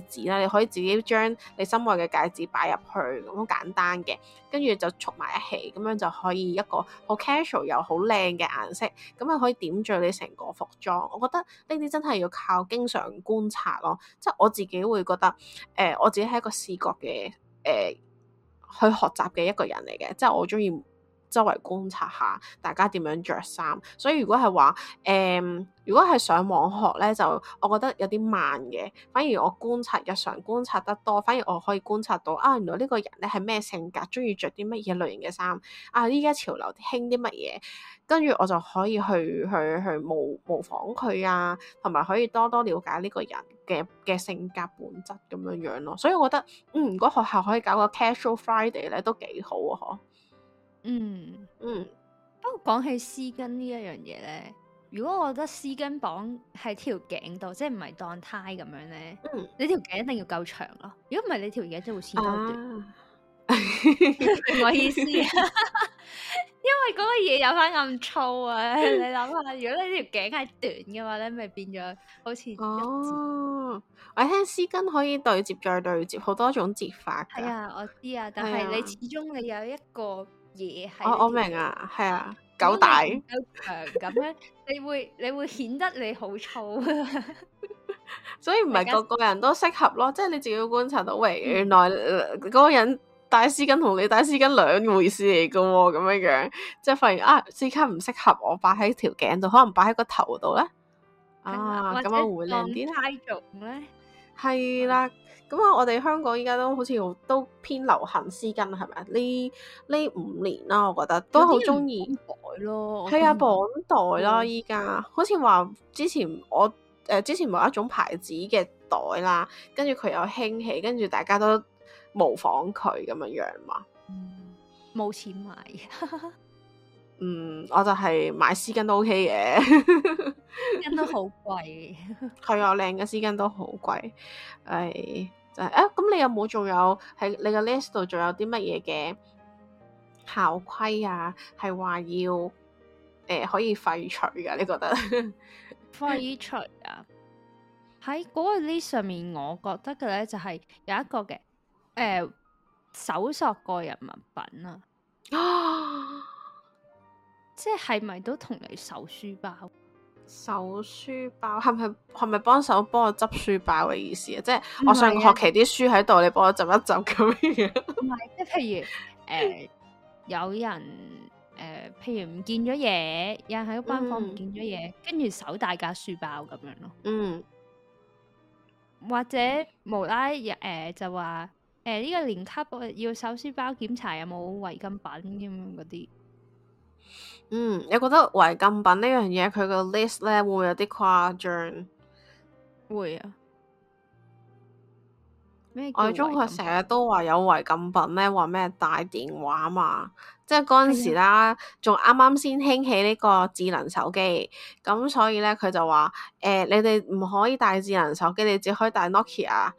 戒指啦，你可以自己將你心愛嘅戒指擺入去咁簡單嘅，跟住就束埋一齊，咁樣就可以一個好 casual 又好靚嘅顏色，咁啊可以點綴你成個服裝。我覺得呢啲真係要靠經常觀察咯，即係我自己會覺得誒，我自己係一個視覺嘅誒去學習嘅一個人嚟嘅，即係我中意。周圍觀察下，大家點樣着衫。所以如果係話，誒、呃，如果係上網學咧，就我覺得有啲慢嘅。反而我觀察日常觀察得多，反而我可以觀察到啊，原來呢個人咧係咩性格，中意着啲乜嘢類型嘅衫。啊，依家潮流興啲乜嘢，跟住我就可以去去去去模模仿佢啊，同埋可以多多了解呢個人嘅嘅性格本質咁樣樣咯。所以我覺得，嗯，如果學校可以搞個 Casual Friday 咧，都幾好啊。嗯嗯，嗯不過講起絲巾一呢一樣嘢咧，如果我覺得絲巾綁喺條頸度，即係唔係當 tie 咁樣咧，嗯、你條頸一定要夠長咯、啊。如果唔係，你條頸就會纖短、啊。唔好、啊、 意思、啊， 因為嗰個嘢有翻咁粗啊。你諗下，如果你條頸係短嘅話咧，咪變咗好似哦。我聽絲巾可以對接再對接，好多種接法。係啊，我知啊，但係你始終你有一個。嘢係、啊，我明啊，係啊，狗大，咁樣，你會你會顯得你好粗，所以唔係個個人都適合咯，即係你自己要觀察到，喂，原來嗰、呃那個人戴絲巾同你戴絲巾兩回事嚟噶、哦，咁樣樣，即係發現啊，絲巾唔適合我，擺喺條頸度，可能擺喺個頭度咧，啊，咁樣會靚啲，太重咧，係 啦。咁啊、嗯！我哋香港依家都好似都偏流行絲巾，係咪啊？呢呢五年啦，我覺得都好中意袋咯。係啊，綁袋啦！依家好似話之前我誒、呃，之前某一種牌子嘅袋啦，跟住佢又興起，跟住大家都模仿佢咁樣樣嘛。冇、嗯、錢買， 嗯，我就係買絲巾都 OK 嘅。絲 巾都好貴，係 啊，靚嘅絲巾都好貴，係、哎。就係誒，咁、啊、你有冇仲有喺你嘅 list 度，仲有啲乜嘢嘅校規啊？係話要誒、呃、可以廢除㗎？你覺得廢 除啊？喺嗰個 list 上面，我覺得嘅咧就係、是、有一個嘅，誒、呃，搜索個人物品啊， 即係咪都同你搜書包？搜書包，係咪係咪幫手幫我執書包嘅意思啊？即係我上個學期啲書喺度，啊、你幫我執一執咁樣、啊。唔係，即係譬如誒，有人誒，譬、呃、如唔見咗嘢，有人喺班房唔見咗嘢，嗯、跟住搜大架書包咁樣咯。嗯，或者無啦，誒、呃，就話誒呢個年級要搜書包檢查有冇違禁品咁樣嗰啲。嗯，你覺得違禁品呢樣嘢佢個 list 咧會有啲誇張？會啊，我哋中學成日都話有違禁品咧，話咩帶電話嘛，即係嗰陣時啦，仲啱啱先興起呢個智能手機，咁所以咧佢就話誒、欸，你哋唔可以帶智能手機，你只可以帶 Nokia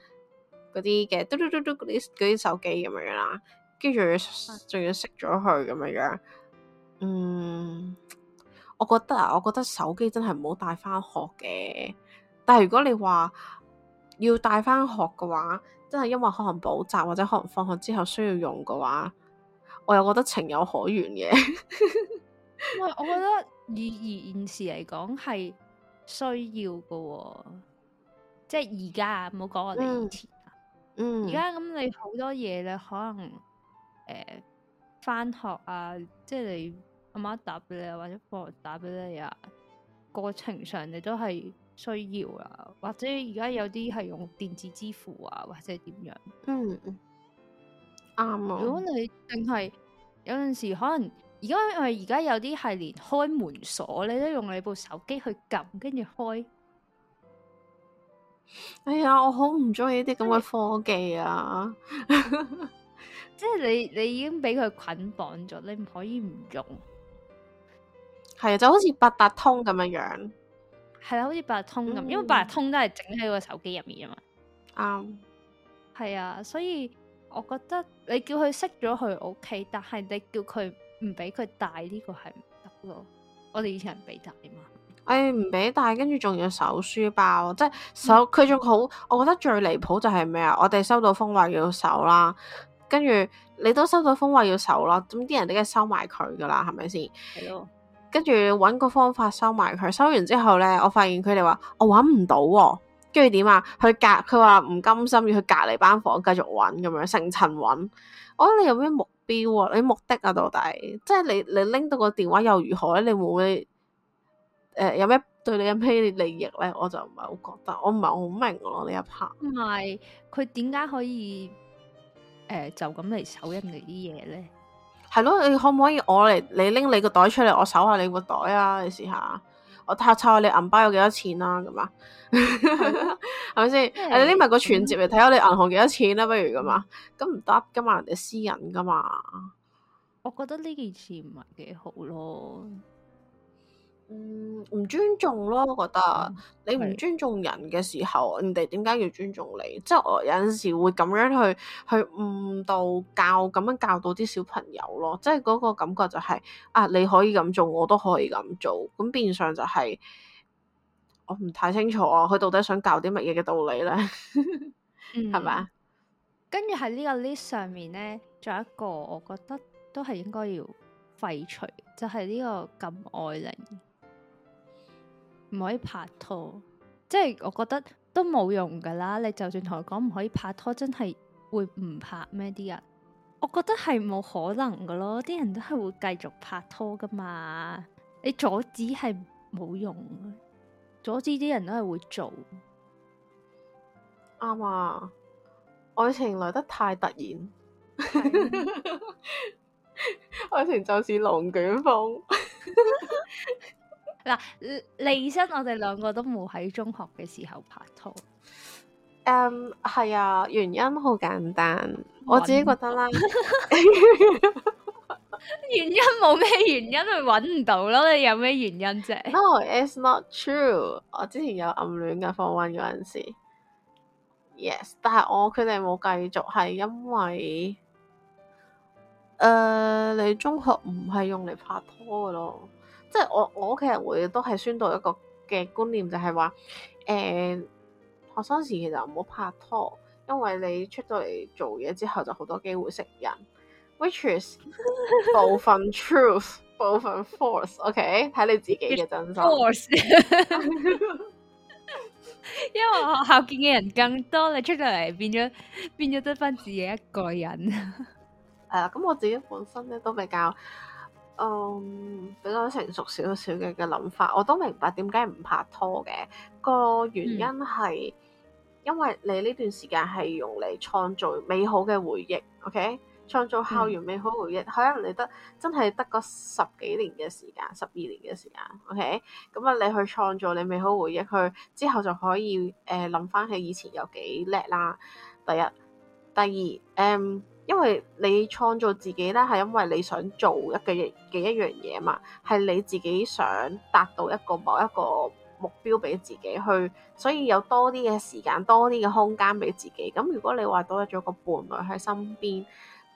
嗰啲嘅嘟嘟嘟嘟嗰啲啲手機咁樣啦，跟住仲要熄咗佢咁樣樣。嗯，我覺得啊，我覺得手機真係唔好帶翻學嘅。但係如果你話要帶翻學嘅話，真係因為可能補習或者可能放學之後需要用嘅話，我又覺得情有可原嘅 。喂，我覺得以現時嚟講係需要㗎，哦，即係而家啊，唔好講我哋以前啊嗯。嗯，而家咁你好多嘢咧，可能誒翻，呃，學啊，即係你。阿媽打俾你啊，或者父打俾你啊，過程上你都係需要啊，或者而家有啲係用電子支付啊，或者點樣？嗯，啱啊。如果你淨係、嗯、有陣時可能而家因為而家有啲係連開門鎖你都用你部手機去撳跟住開。哎呀，我好唔中意呢啲咁嘅科技啊！即係 你你已經俾佢捆綁咗，你唔可以唔用。係啊就好似八達通咁樣樣，係啦，好似八達通咁，嗯、因為八達通都係整喺個手機入面啊嘛。啱、嗯，係啊，所以我覺得你叫佢熄咗佢 OK，但係你叫佢唔俾佢帶呢個係唔得咯。我哋以前人俾帶嘛，誒唔俾帶，跟住仲要搜書包，即係搜佢仲好。我覺得最離譜就係咩啊？我哋收到封話要搜啦，跟住你都收到封話要搜啦，咁啲人梗係收埋佢噶啦，係咪先？係咯。跟住揾個方法收埋佢，收完之後呢，我發現佢哋話我揾唔到，跟住點啊？佢、啊、隔佢話唔甘心，要佢隔籬班房繼續揾咁樣，成層揾。我、哦、覺得你有咩目標啊？你的目的啊到底？即係你你拎到個電話又如何咧？你會唔會、呃、有咩對你有咩利益呢？我就唔係好覺得，我唔係好明咯呢、啊、一 part，唔係佢點解可以、呃、就咁嚟搜人哋啲嘢呢？係咯，你可唔可以我嚟？你拎你個袋出嚟，我搜下你個袋啊！你試下，我睇下抄下你銀包有幾多錢啦，咁啊，係咪先？你拎埋個存折嚟睇下你銀行幾多錢啦、啊，不如咁啊？咁唔得噶嘛，人哋私隱噶嘛。我覺得呢件事唔係幾好咯。嗯，唔尊重咯，我覺得、嗯、你唔尊重人嘅時候，人哋點解要尊重你？即係我有陣時會咁樣去去誤導教，咁樣教到啲小朋友咯。即係嗰個感覺就係、是、啊，你可以咁做，我都可以咁做。咁變相就係、是、我唔太清楚啊，佢到底想教啲乜嘢嘅道理咧？係咪啊？ 吧跟住喺呢個 list 上面咧，仲有一個，我覺得都係應該要廢除，就係、是、呢個禁愛令。唔可以拍拖，即係我覺得都冇用噶啦。你就算同佢講唔可以拍拖，真係會唔拍咩啲人？我覺得係冇可能噶咯，啲人都係會繼續拍拖噶嘛。你阻止係冇用，阻止啲人都係會做。啱啊！愛情來得太突然， 嗎 愛情就似龍捲風。 嗱，離身我哋兩個都冇喺中學嘅時候拍拖。嗯，係啊，原因好簡單，我自己覺得啦。 原因冇咩原因去揾唔到咯，你有咩原因啫？No, it's not true。我之前有暗戀嘅 Form One 嗰陣時。Yes，但係我決定冇繼續，係因為，誒、呃，你中學唔係用嚟拍拖嘅咯。即係我我屋企人會都係宣導一個嘅觀念，就係話，誒，學生時其實唔好拍拖，因為你出到嚟做嘢之後就好多機會識人 ，which is 部分 truth， 部分 force，OK，睇你自己嘅真心。 因為學校見嘅人更多，你出到嚟變咗變咗得翻自己一個人。誒， 咁我自己本身咧都比較。嗯，um, 比較成熟少少嘅嘅諗法，我都明白點解唔拍拖嘅個原因係因為你呢段時間係用嚟創造美好嘅回憶，OK？創造校園美好回憶，嗯、可能你得真係得個十幾年嘅時間，十二年嘅時間，OK？咁啊，你去創造你美好回憶，佢之後就可以誒諗翻起以前有幾叻啦。第一，第二，嗯、um,。因為你創造自己咧，係因為你想做一嘅嘅一樣嘢嘛，係你自己想達到一個某一個目標俾自己去，所以有多啲嘅時間、多啲嘅空間俾自己。咁如果你話多咗個伴侶喺身邊，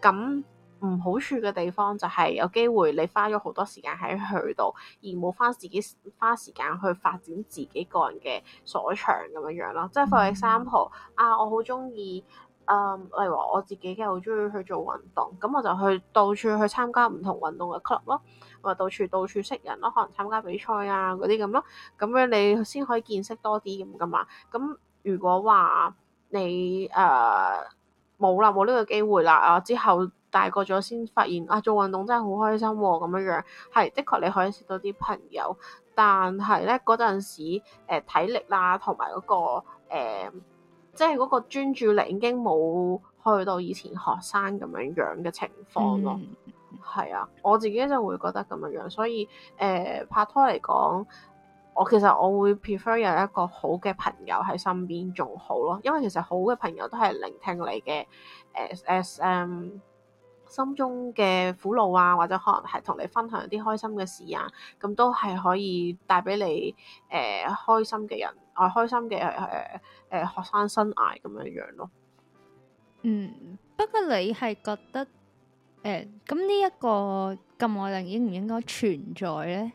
咁唔好處嘅地方就係有機會你花咗好多時間喺佢度，而冇花自己花時間去發展自己個人嘅所長咁樣樣咯。嗯、即係 for example 啊，我好中意。誒，um, 例如話我自己嘅好中意去做運動，咁我就去到處去參加唔同運動嘅 club 咯，我到處到處識人咯，可能參加比賽啊嗰啲咁咯，咁樣樣你先可以見識多啲咁噶嘛。咁如果話你誒冇啦冇呢個機會啦啊，之後大個咗先發現啊，做運動真係好開心喎、啊，咁樣樣係的確你可以識到啲朋友，但係咧嗰陣時誒、呃、體力啦同埋嗰個、呃即係嗰個專注力已經冇去到以前學生咁樣樣嘅情況咯，係、嗯、啊，我自己就會覺得咁樣樣，所以誒、呃、拍拖嚟講，我其實我會 prefer 有一個好嘅朋友喺身邊仲好咯，因為其實好嘅朋友都係聆聽你嘅誒誒誒。As, As, um, 心中嘅苦惱啊，或者可能係同你分享啲開心嘅事啊，咁都係可以帶俾你誒、呃、開心嘅人，開心嘅誒誒學生生涯咁樣樣咯。嗯，不過你係覺得誒，咁呢一個禁愛令應唔應該存在咧？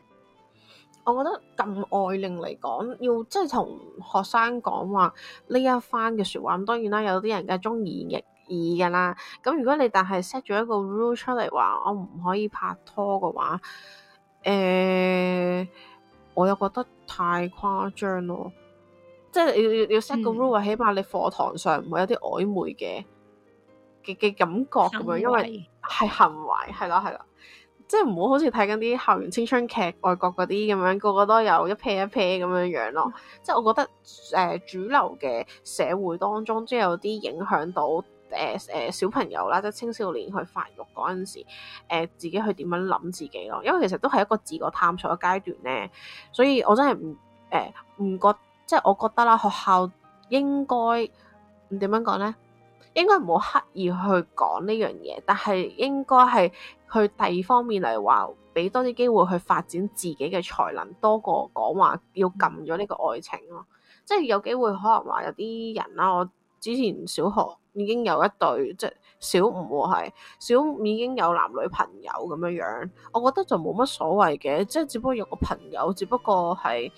我覺得禁愛令嚟講，要即係同學生講話呢一番嘅說話，咁當然啦，有啲人嘅中意嘅。二噶啦，咁如果你但係 set 咗一個 rule 出嚟話我唔可以拍拖嘅話，誒、欸，我又覺得太誇張咯，即係你要要 set 個 rule，、嗯、起碼你課堂上唔會有啲曖昧嘅嘅嘅感覺咁樣，慰因為係行為係咯係咯，即係唔好好似睇緊啲校園青春劇外國嗰啲咁樣，個個都有一 pair 一 pair 咁樣這樣咯，嗯、即係我覺得誒、呃、主流嘅社會當中，即係有啲影響到。誒誒、呃呃，小朋友啦，即係青少年去發育嗰陣時，誒、呃、自己去點樣諗自己咯。因為其實都係一個自我探索嘅階段咧，所以我真係唔誒唔覺，即係我覺得啦，學校應該點樣講咧？應該唔好刻意去講呢樣嘢，但係應該係去第二方面嚟，話俾多啲機會去發展自己嘅才能，多過講話要撳咗呢個愛情咯。嗯、即係有機會可能話有啲人啦，我之前小學。已經有一對即小五喎，係小五已經有男女朋友咁樣樣，我覺得就冇乜所謂嘅，即係只不過有個朋友，只不過係誒、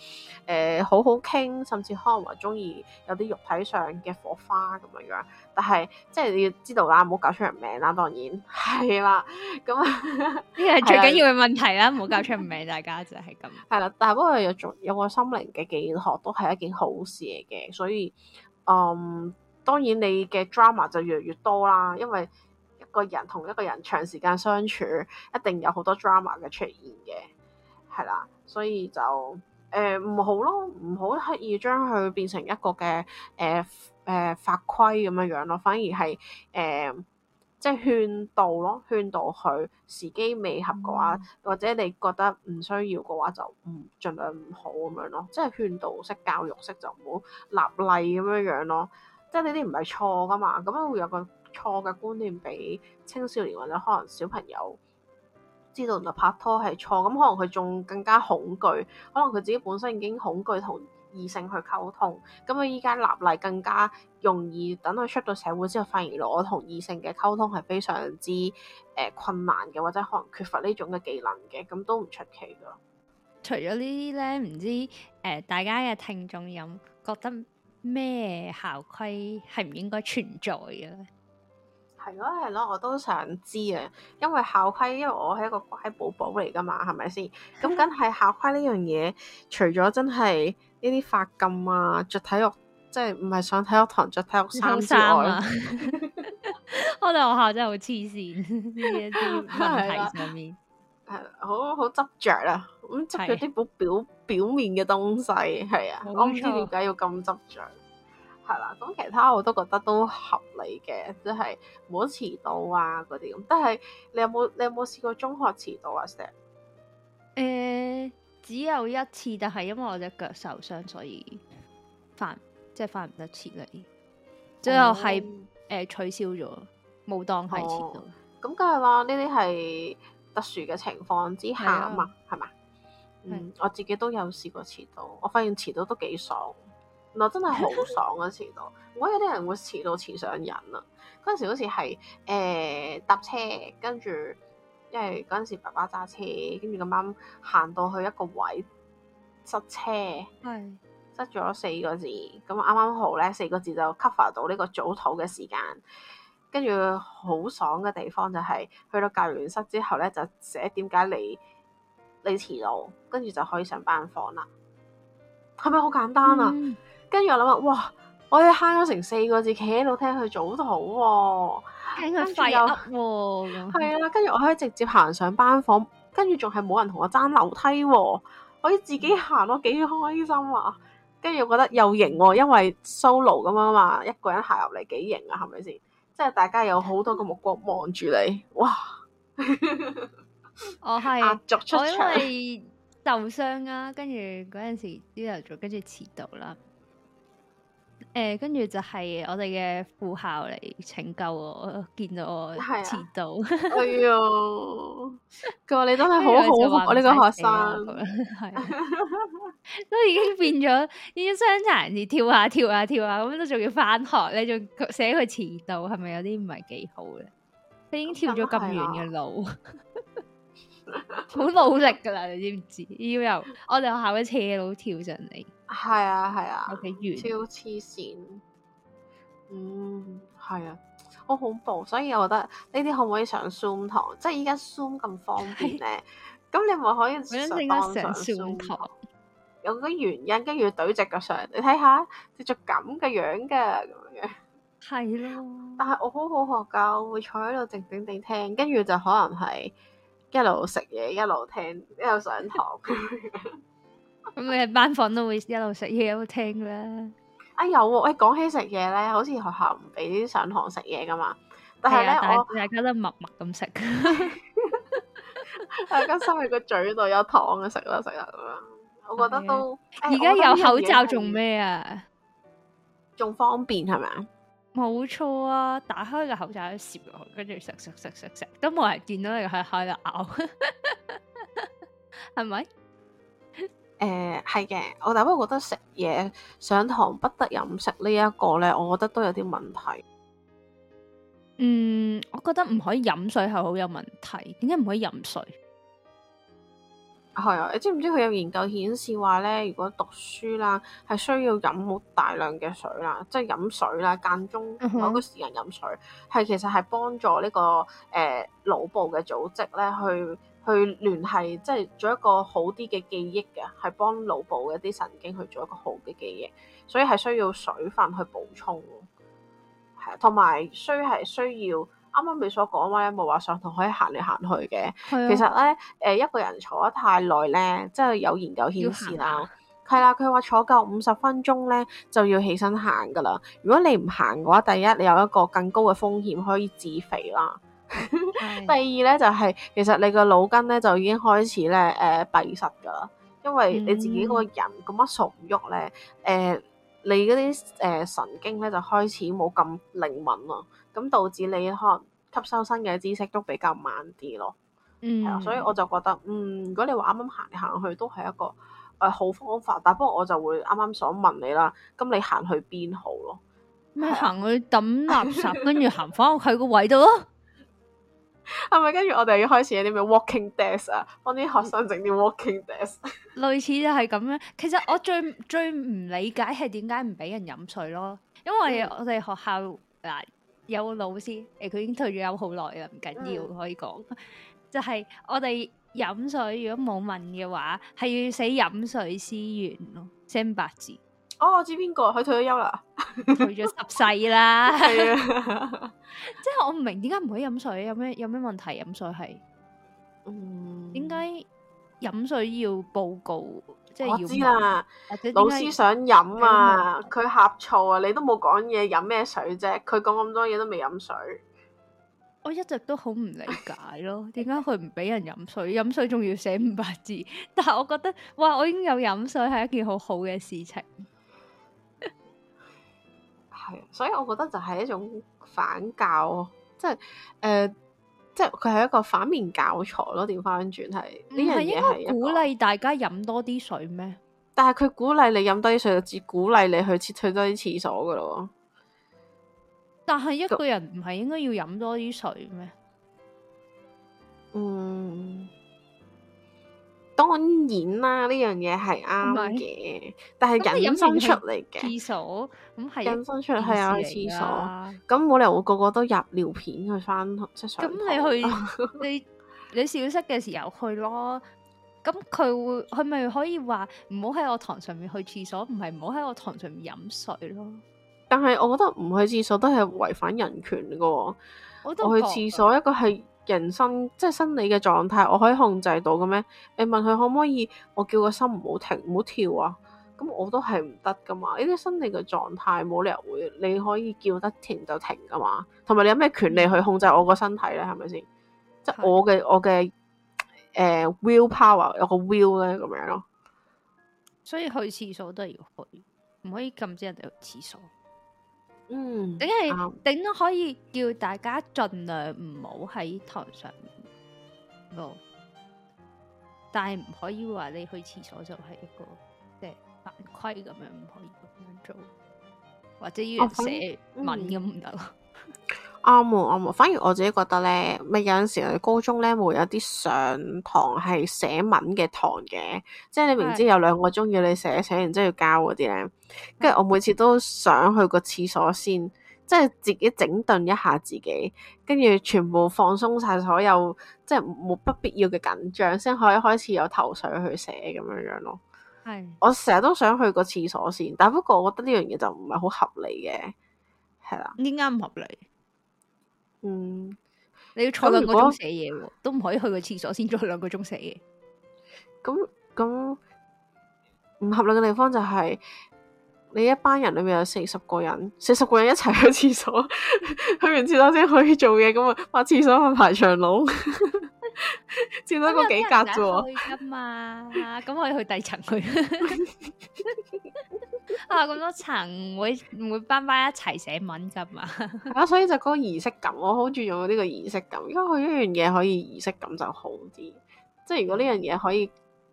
呃、好好傾，甚至可能話鍾意有啲肉體上嘅火花咁樣樣，但係即係你要知道啦，唔好搞出人命啦，當然係啦，咁啊呢個係最緊要嘅問題啦，唔好 搞出人命。大家就係咁。係啦，但係不過有做有個心靈嘅寄託都係一件好事嚟嘅，所以嗯。當然，你嘅 drama 就越嚟越多啦，因為一個人同一個人長時間相處，一定有好多 drama 嘅出現嘅，係啦，所以就誒唔、呃、好咯，唔好刻意將佢變成一個嘅誒誒法規咁樣樣咯，反而係誒、呃、即係勸導咯，勸導佢，時機未合嘅話，嗯、或者你覺得唔需要嘅話就，就唔盡量唔好咁樣咯，即係勸導式教育式就唔好立例咁樣樣咯。即係呢啲唔係錯噶嘛，咁樣會有個錯嘅觀念俾青少年或者可能小朋友知道，就拍拖係錯，咁可能佢仲更加恐懼，可能佢自己本身已經恐懼同異性去溝通，咁佢依家立例更加容易，等佢出到社會之後，發現我同異性嘅溝通係非常之誒、呃、困難嘅，或者可能缺乏呢種嘅技能嘅，咁都唔出奇噶。除咗呢啲咧，唔知誒、呃、大家嘅聽眾有冇覺得？咩校規係唔應該存在嘅？係咯，係咯，我都想知啊！因為校規，因為我係一個乖寶寶嚟噶嘛，係咪先？咁梗係校規呢樣嘢，除咗真係呢啲髮禁啊，着體育即係唔係上體育堂着體育衫之外啦，啊、 我哋學校真係好黐線呢一啲問題上面，係、嗯、好好執着啦。咁、嗯、執咗啲好表表面嘅東西，係啊，錯我唔知點解要咁執著，係啦。咁其他我都覺得都合理嘅，即係唔好遲到啊嗰啲咁。但係你有冇你有冇試過中學遲到啊？成日，誒，只有一次，但係因為我隻腳受傷，所以返即係返唔得切啦。最後係誒取消咗，冇當係遲到。咁梗係啦，呢啲係特殊嘅情況之下啊嘛，係嘛？嗯，我自己都有試過遲到，我發現遲到都幾爽，嗱，真係好爽啊！遲到，我覺得有啲人會遲到遲上癮啦、啊。嗰陣時好似係誒搭車，跟住因為嗰陣時爸爸揸車，跟住咁啱行到去一個位塞車，係塞咗四個字，咁啱啱好咧四個字就 cover 到呢個早唞嘅時間。跟住好爽嘅地方就係、是、去到教員室之後咧，就寫點解你。你遲到，跟住就可以上班房啦，係咪好簡單啊？跟住、嗯、我諗啊，哇！我哋慳咗成四個字，企喺度聽佢早唞喎，聽下廢噏喎，係啊！跟住、 啊、我可以直接行上班房，跟住仲係冇人同我爭樓梯喎、啊，可以自己行咯、啊，幾開心啊！跟住我覺得又型喎、啊，因為 solo 咁樣嘛，一個人行入嚟幾型啊，係咪先？即係大家有好多個目光望住你，哇！ 我係我因為受傷啊，跟住嗰陣時都要做，跟住遲到啦。誒、呃，跟住就係我哋嘅副校嚟拯救我，見到我遲到。係啊，佢話、 哎、你都係好好，我呢個學生係 都已經變咗，傷殘人士跳下跳下跳下，咁都仲要翻學，你仲寫佢遲到，係咪有啲唔係幾好咧？你當已經跳咗咁遠嘅路。 好 努力噶啦，你知唔知？要由我哋學校嘅斜路跳上嚟，係啊，係啊，啊 okay, 完超黐線。嗯，係啊，好、哦、恐怖。所以我覺得好好呢啲可唔可以上 zoom 堂？即係依家 zoom 咁方便咧，咁你咪可以上？上 zoom 堂 有個原因，跟住要懟直腳上。嚟，你睇下，繼續咁嘅樣噶咁樣，係咯。啊、但係我好好學教，我會坐喺度靜靜聽，跟住就可能係。一路食嘢，一路聽，一路上堂咁樣。咁你 班房都會一路食嘢，一路聽啦。哎有喎、啊，喂，講起食嘢咧，好似學校唔俾上堂食嘢噶嘛？但係咧，我、啊、大家都默默咁食，大家心喺個嘴度有糖啊食啦食啦咁樣。我覺得都而家有口罩做咩啊？仲方便係咪啊？冇錯啊！打開個口罩攝落去，跟住食食食食食，都冇人見到你喺開度咬，係 咪是？誒、呃，係嘅，我大不過覺得食嘢上堂不得飲食呢一個咧，我覺得都有啲問題。嗯，我覺得唔可以飲水係好有問題，點解唔可以飲水？係啊，你 知唔知佢有研究顯示話咧，如果讀書啦，係需要飲好大量嘅水啦，即係飲水啦，間中有個時間飲水，係其實係幫助呢、這個誒腦、呃、部嘅組織咧，去去聯繫，即、就、係、是、做一個好啲嘅記憶嘅，係幫腦部嘅一啲神經去做一個好嘅記憶，所以係需要水分去補充，係啊，同埋需係需要。需要啱啱未所講啊嘛，冇話上堂可以行嚟行去嘅。啊、其實咧，誒、呃、一個人坐得太耐咧，即係有研究顯示啦。佢話佢話坐夠五十分鐘咧，就要起身行噶啦。如果你唔行嘅話，第一你有一個更高嘅風險可以致肥啦。 對第二咧就係、是、其實你個腦筋咧就已經開始咧誒閉塞噶啦，因為你自己個人咁樣、嗯、熟唔喐咧，誒、呃、你嗰啲誒神經咧就開始冇咁靈敏咯。咁導致你可能吸收新嘅知識都比較慢啲咯。嗯，係啊，所以我就覺得，嗯，如果你話啱啱行嚟行去都係一個誒、呃、好方法，但不過我就會啱啱想問你啦。咁你行去邊好咯？咩行、嗯、去抌垃圾， 跟住行翻屋企個位度咯？係咪 跟住我哋要開始有啲咩 walking desk 啊？幫啲學生整啲 walking desk。類似就係咁樣。其實我最 最唔理解係點解唔俾人飲水咯？因為我哋、嗯、學校嗱。有個老師，誒、欸、佢已經退咗休好耐啦，唔緊要可以講。就係、是、我哋飲水，如果冇問嘅話，係要寫飲水思源咯，三百字。哦，我知邊個？佢退咗休啦， 退咗十世啦。 是的 即係我唔明點解唔可以飲水？有咩有咩問題？飲水係，嗯，點解飲水要報告？即我知啦、啊，老師想飲啊，佢呷醋啊，你都冇講嘢，飲咩水啫？佢講咁多嘢都未飲水，我一直都好唔理解咯，點解佢唔俾人飲水？飲 水仲要寫五百字，但係我覺得，哇，我已經有飲水係一件好好嘅事情，係 啊，所以我覺得就係一種反教，即係誒。呃即係佢係一個反面教材咯，調翻轉係你係應該鼓勵大家飲多啲水咩？但係佢鼓勵你飲多啲水，就只鼓勵你去撤退多啲廁所噶咯。但係一個人唔係應該要飲多啲水咩？嗯。當然啦，呢樣嘢係啱嘅，是但係、啊、人生出嚟嘅廁所，咁係人生出嚟係啊去廁所。咁冇理由個個都入尿片去返學。咁你去 你你小息嘅時候去咯。咁佢會佢咪可以話唔好喺我堂上面去廁所，唔係唔好喺我堂上面飲水咯。但係我覺得唔去廁所都係違反人權噶。我，覺得我去廁所一個係。人生即係生理嘅狀態，我可以控制到嘅咩？你問佢可唔可以？我叫個心唔好停，唔好跳啊！咁我都係唔得噶嘛。呢啲生理嘅狀態冇理由會，你可以叫得停就停噶嘛。同埋你有咩權利去控制我個身體咧？係咪先？即係我嘅的我嘅誒 will power 有個 will 咧咁樣咯。所以去廁所都係要去，唔可以禁止人哋去廁所。嗯，頂係頂都可以叫大家盡量唔好喺台上咯，嗯、但係唔可以話你去廁所就係一個即係、就是、犯規咁樣，唔可以咁樣做，或者要人寫文咁唔得啦。啱喎啱喎，反而我自己覺得咧，咩有陣時我高中咧會有啲上堂係寫文嘅堂嘅，即係你明知有兩個鐘要你寫的寫完之後要交嗰啲咧，跟住我每次都想去個廁所先，即係自己整頓一下自己，跟住全部放鬆晒所有，即係冇不必要嘅緊張，先可以開始有頭水去寫咁樣樣咯。係的我成日都想去個廁所先，但係不過我覺得呢樣嘢就唔係好合理嘅，係啦，應該唔合理？嗯，你要坐兩個鐘寫嘢喎，都唔可以去個廁所先做兩個鐘寫嘢。咁咁唔合理嘅地方就係、是、你一班人裏面有四十個人，四十個人一齊去廁所， 去完廁所先可以做嘢，咁、嗯、啊，去廁所去排長龍，佔到個幾格啫嘛，咁 我以去第二層去。 啊！咁多層會唔會班班一齊寫文噶嘛？ 啊，所以就嗰個儀式感，我好注重呢個儀式感。因為佢呢樣嘢可以儀式感就好啲。即係如果呢樣嘢可以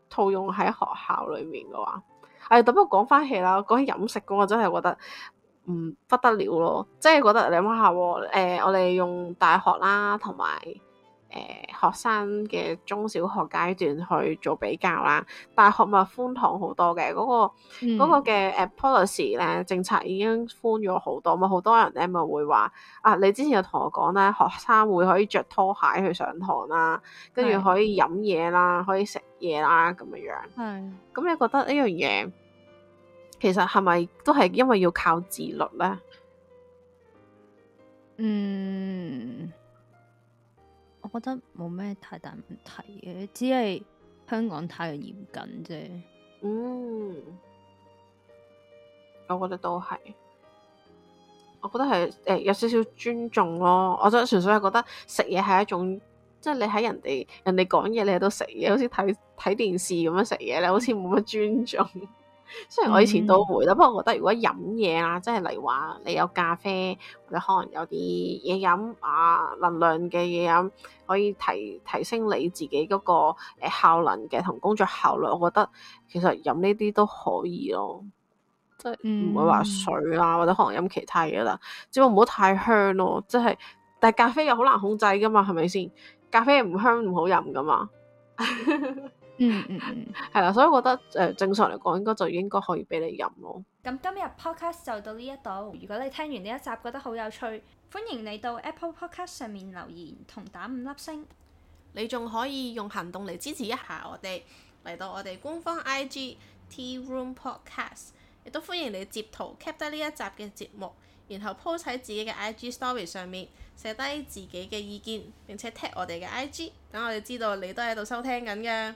套用喺學校裏面嘅話，哎，特別講翻起啦，講起飲食嗰個真係覺得唔不，不得了咯！即係覺得你諗下，誒、呃，我哋用大學啦，同埋。誒、呃、學生嘅中小學階段去做比較啦，大學咪寬敞好多嘅，嗰、那個嘅誒、嗯呃、policy 咧政策已經寬咗好多嘛。好多人咧咪會話啊！你之前有同我講咧，學生會可以着拖鞋去上堂啦，跟住可以飲嘢啦，可以食嘢啦咁嘅樣。係。咁你覺得呢樣嘢其實係咪都係因為要靠自律咧？嗯。我覺得冇咩太大問題嘅，只係香港太嚴謹啫。嗯，我覺得都係，我覺得係誒、呃、有少少尊重咯。我真係純粹係覺得食嘢係一種，即係你喺人哋，人哋講嘢，你喺度食嘢，好似睇睇電視咁樣食嘢，你好似冇乜尊重。雖然我以前都會啦，不過、嗯、我覺得如果飲嘢啊，即係例如話你有咖啡，或者可能有啲嘢飲啊，能量嘅嘢飲可以提提升你自己嗰個誒效能嘅同工作效率，我覺得其實飲呢啲都可以咯，即係唔會話水啦，或者可能飲其他嘢啦，只不過唔好太香咯，即係但係咖啡又好難控制噶嘛，係咪先？咖啡唔香唔好飲噶嘛。 嗯嗯嗯，係啦、mm hmm. 所以我覺得誒、呃，正常嚟講，應該就應該可以俾你飲咯。咁今日 podcast 就到呢一度。如果你聽完呢一集覺得好有趣，歡迎你到 Apple Podcast 上面留言同打五粒星。你仲可以用行動嚟支持一下我哋嚟到我哋官方 I G Tea Room Podcast，亦都歡迎你截圖 Keep 得呢一集嘅節目，然後 post 喺自己嘅 I G Story 上面寫低自己嘅意見，並且 tag 我哋嘅 I G，等我哋知道你都喺度收聽緊嘅。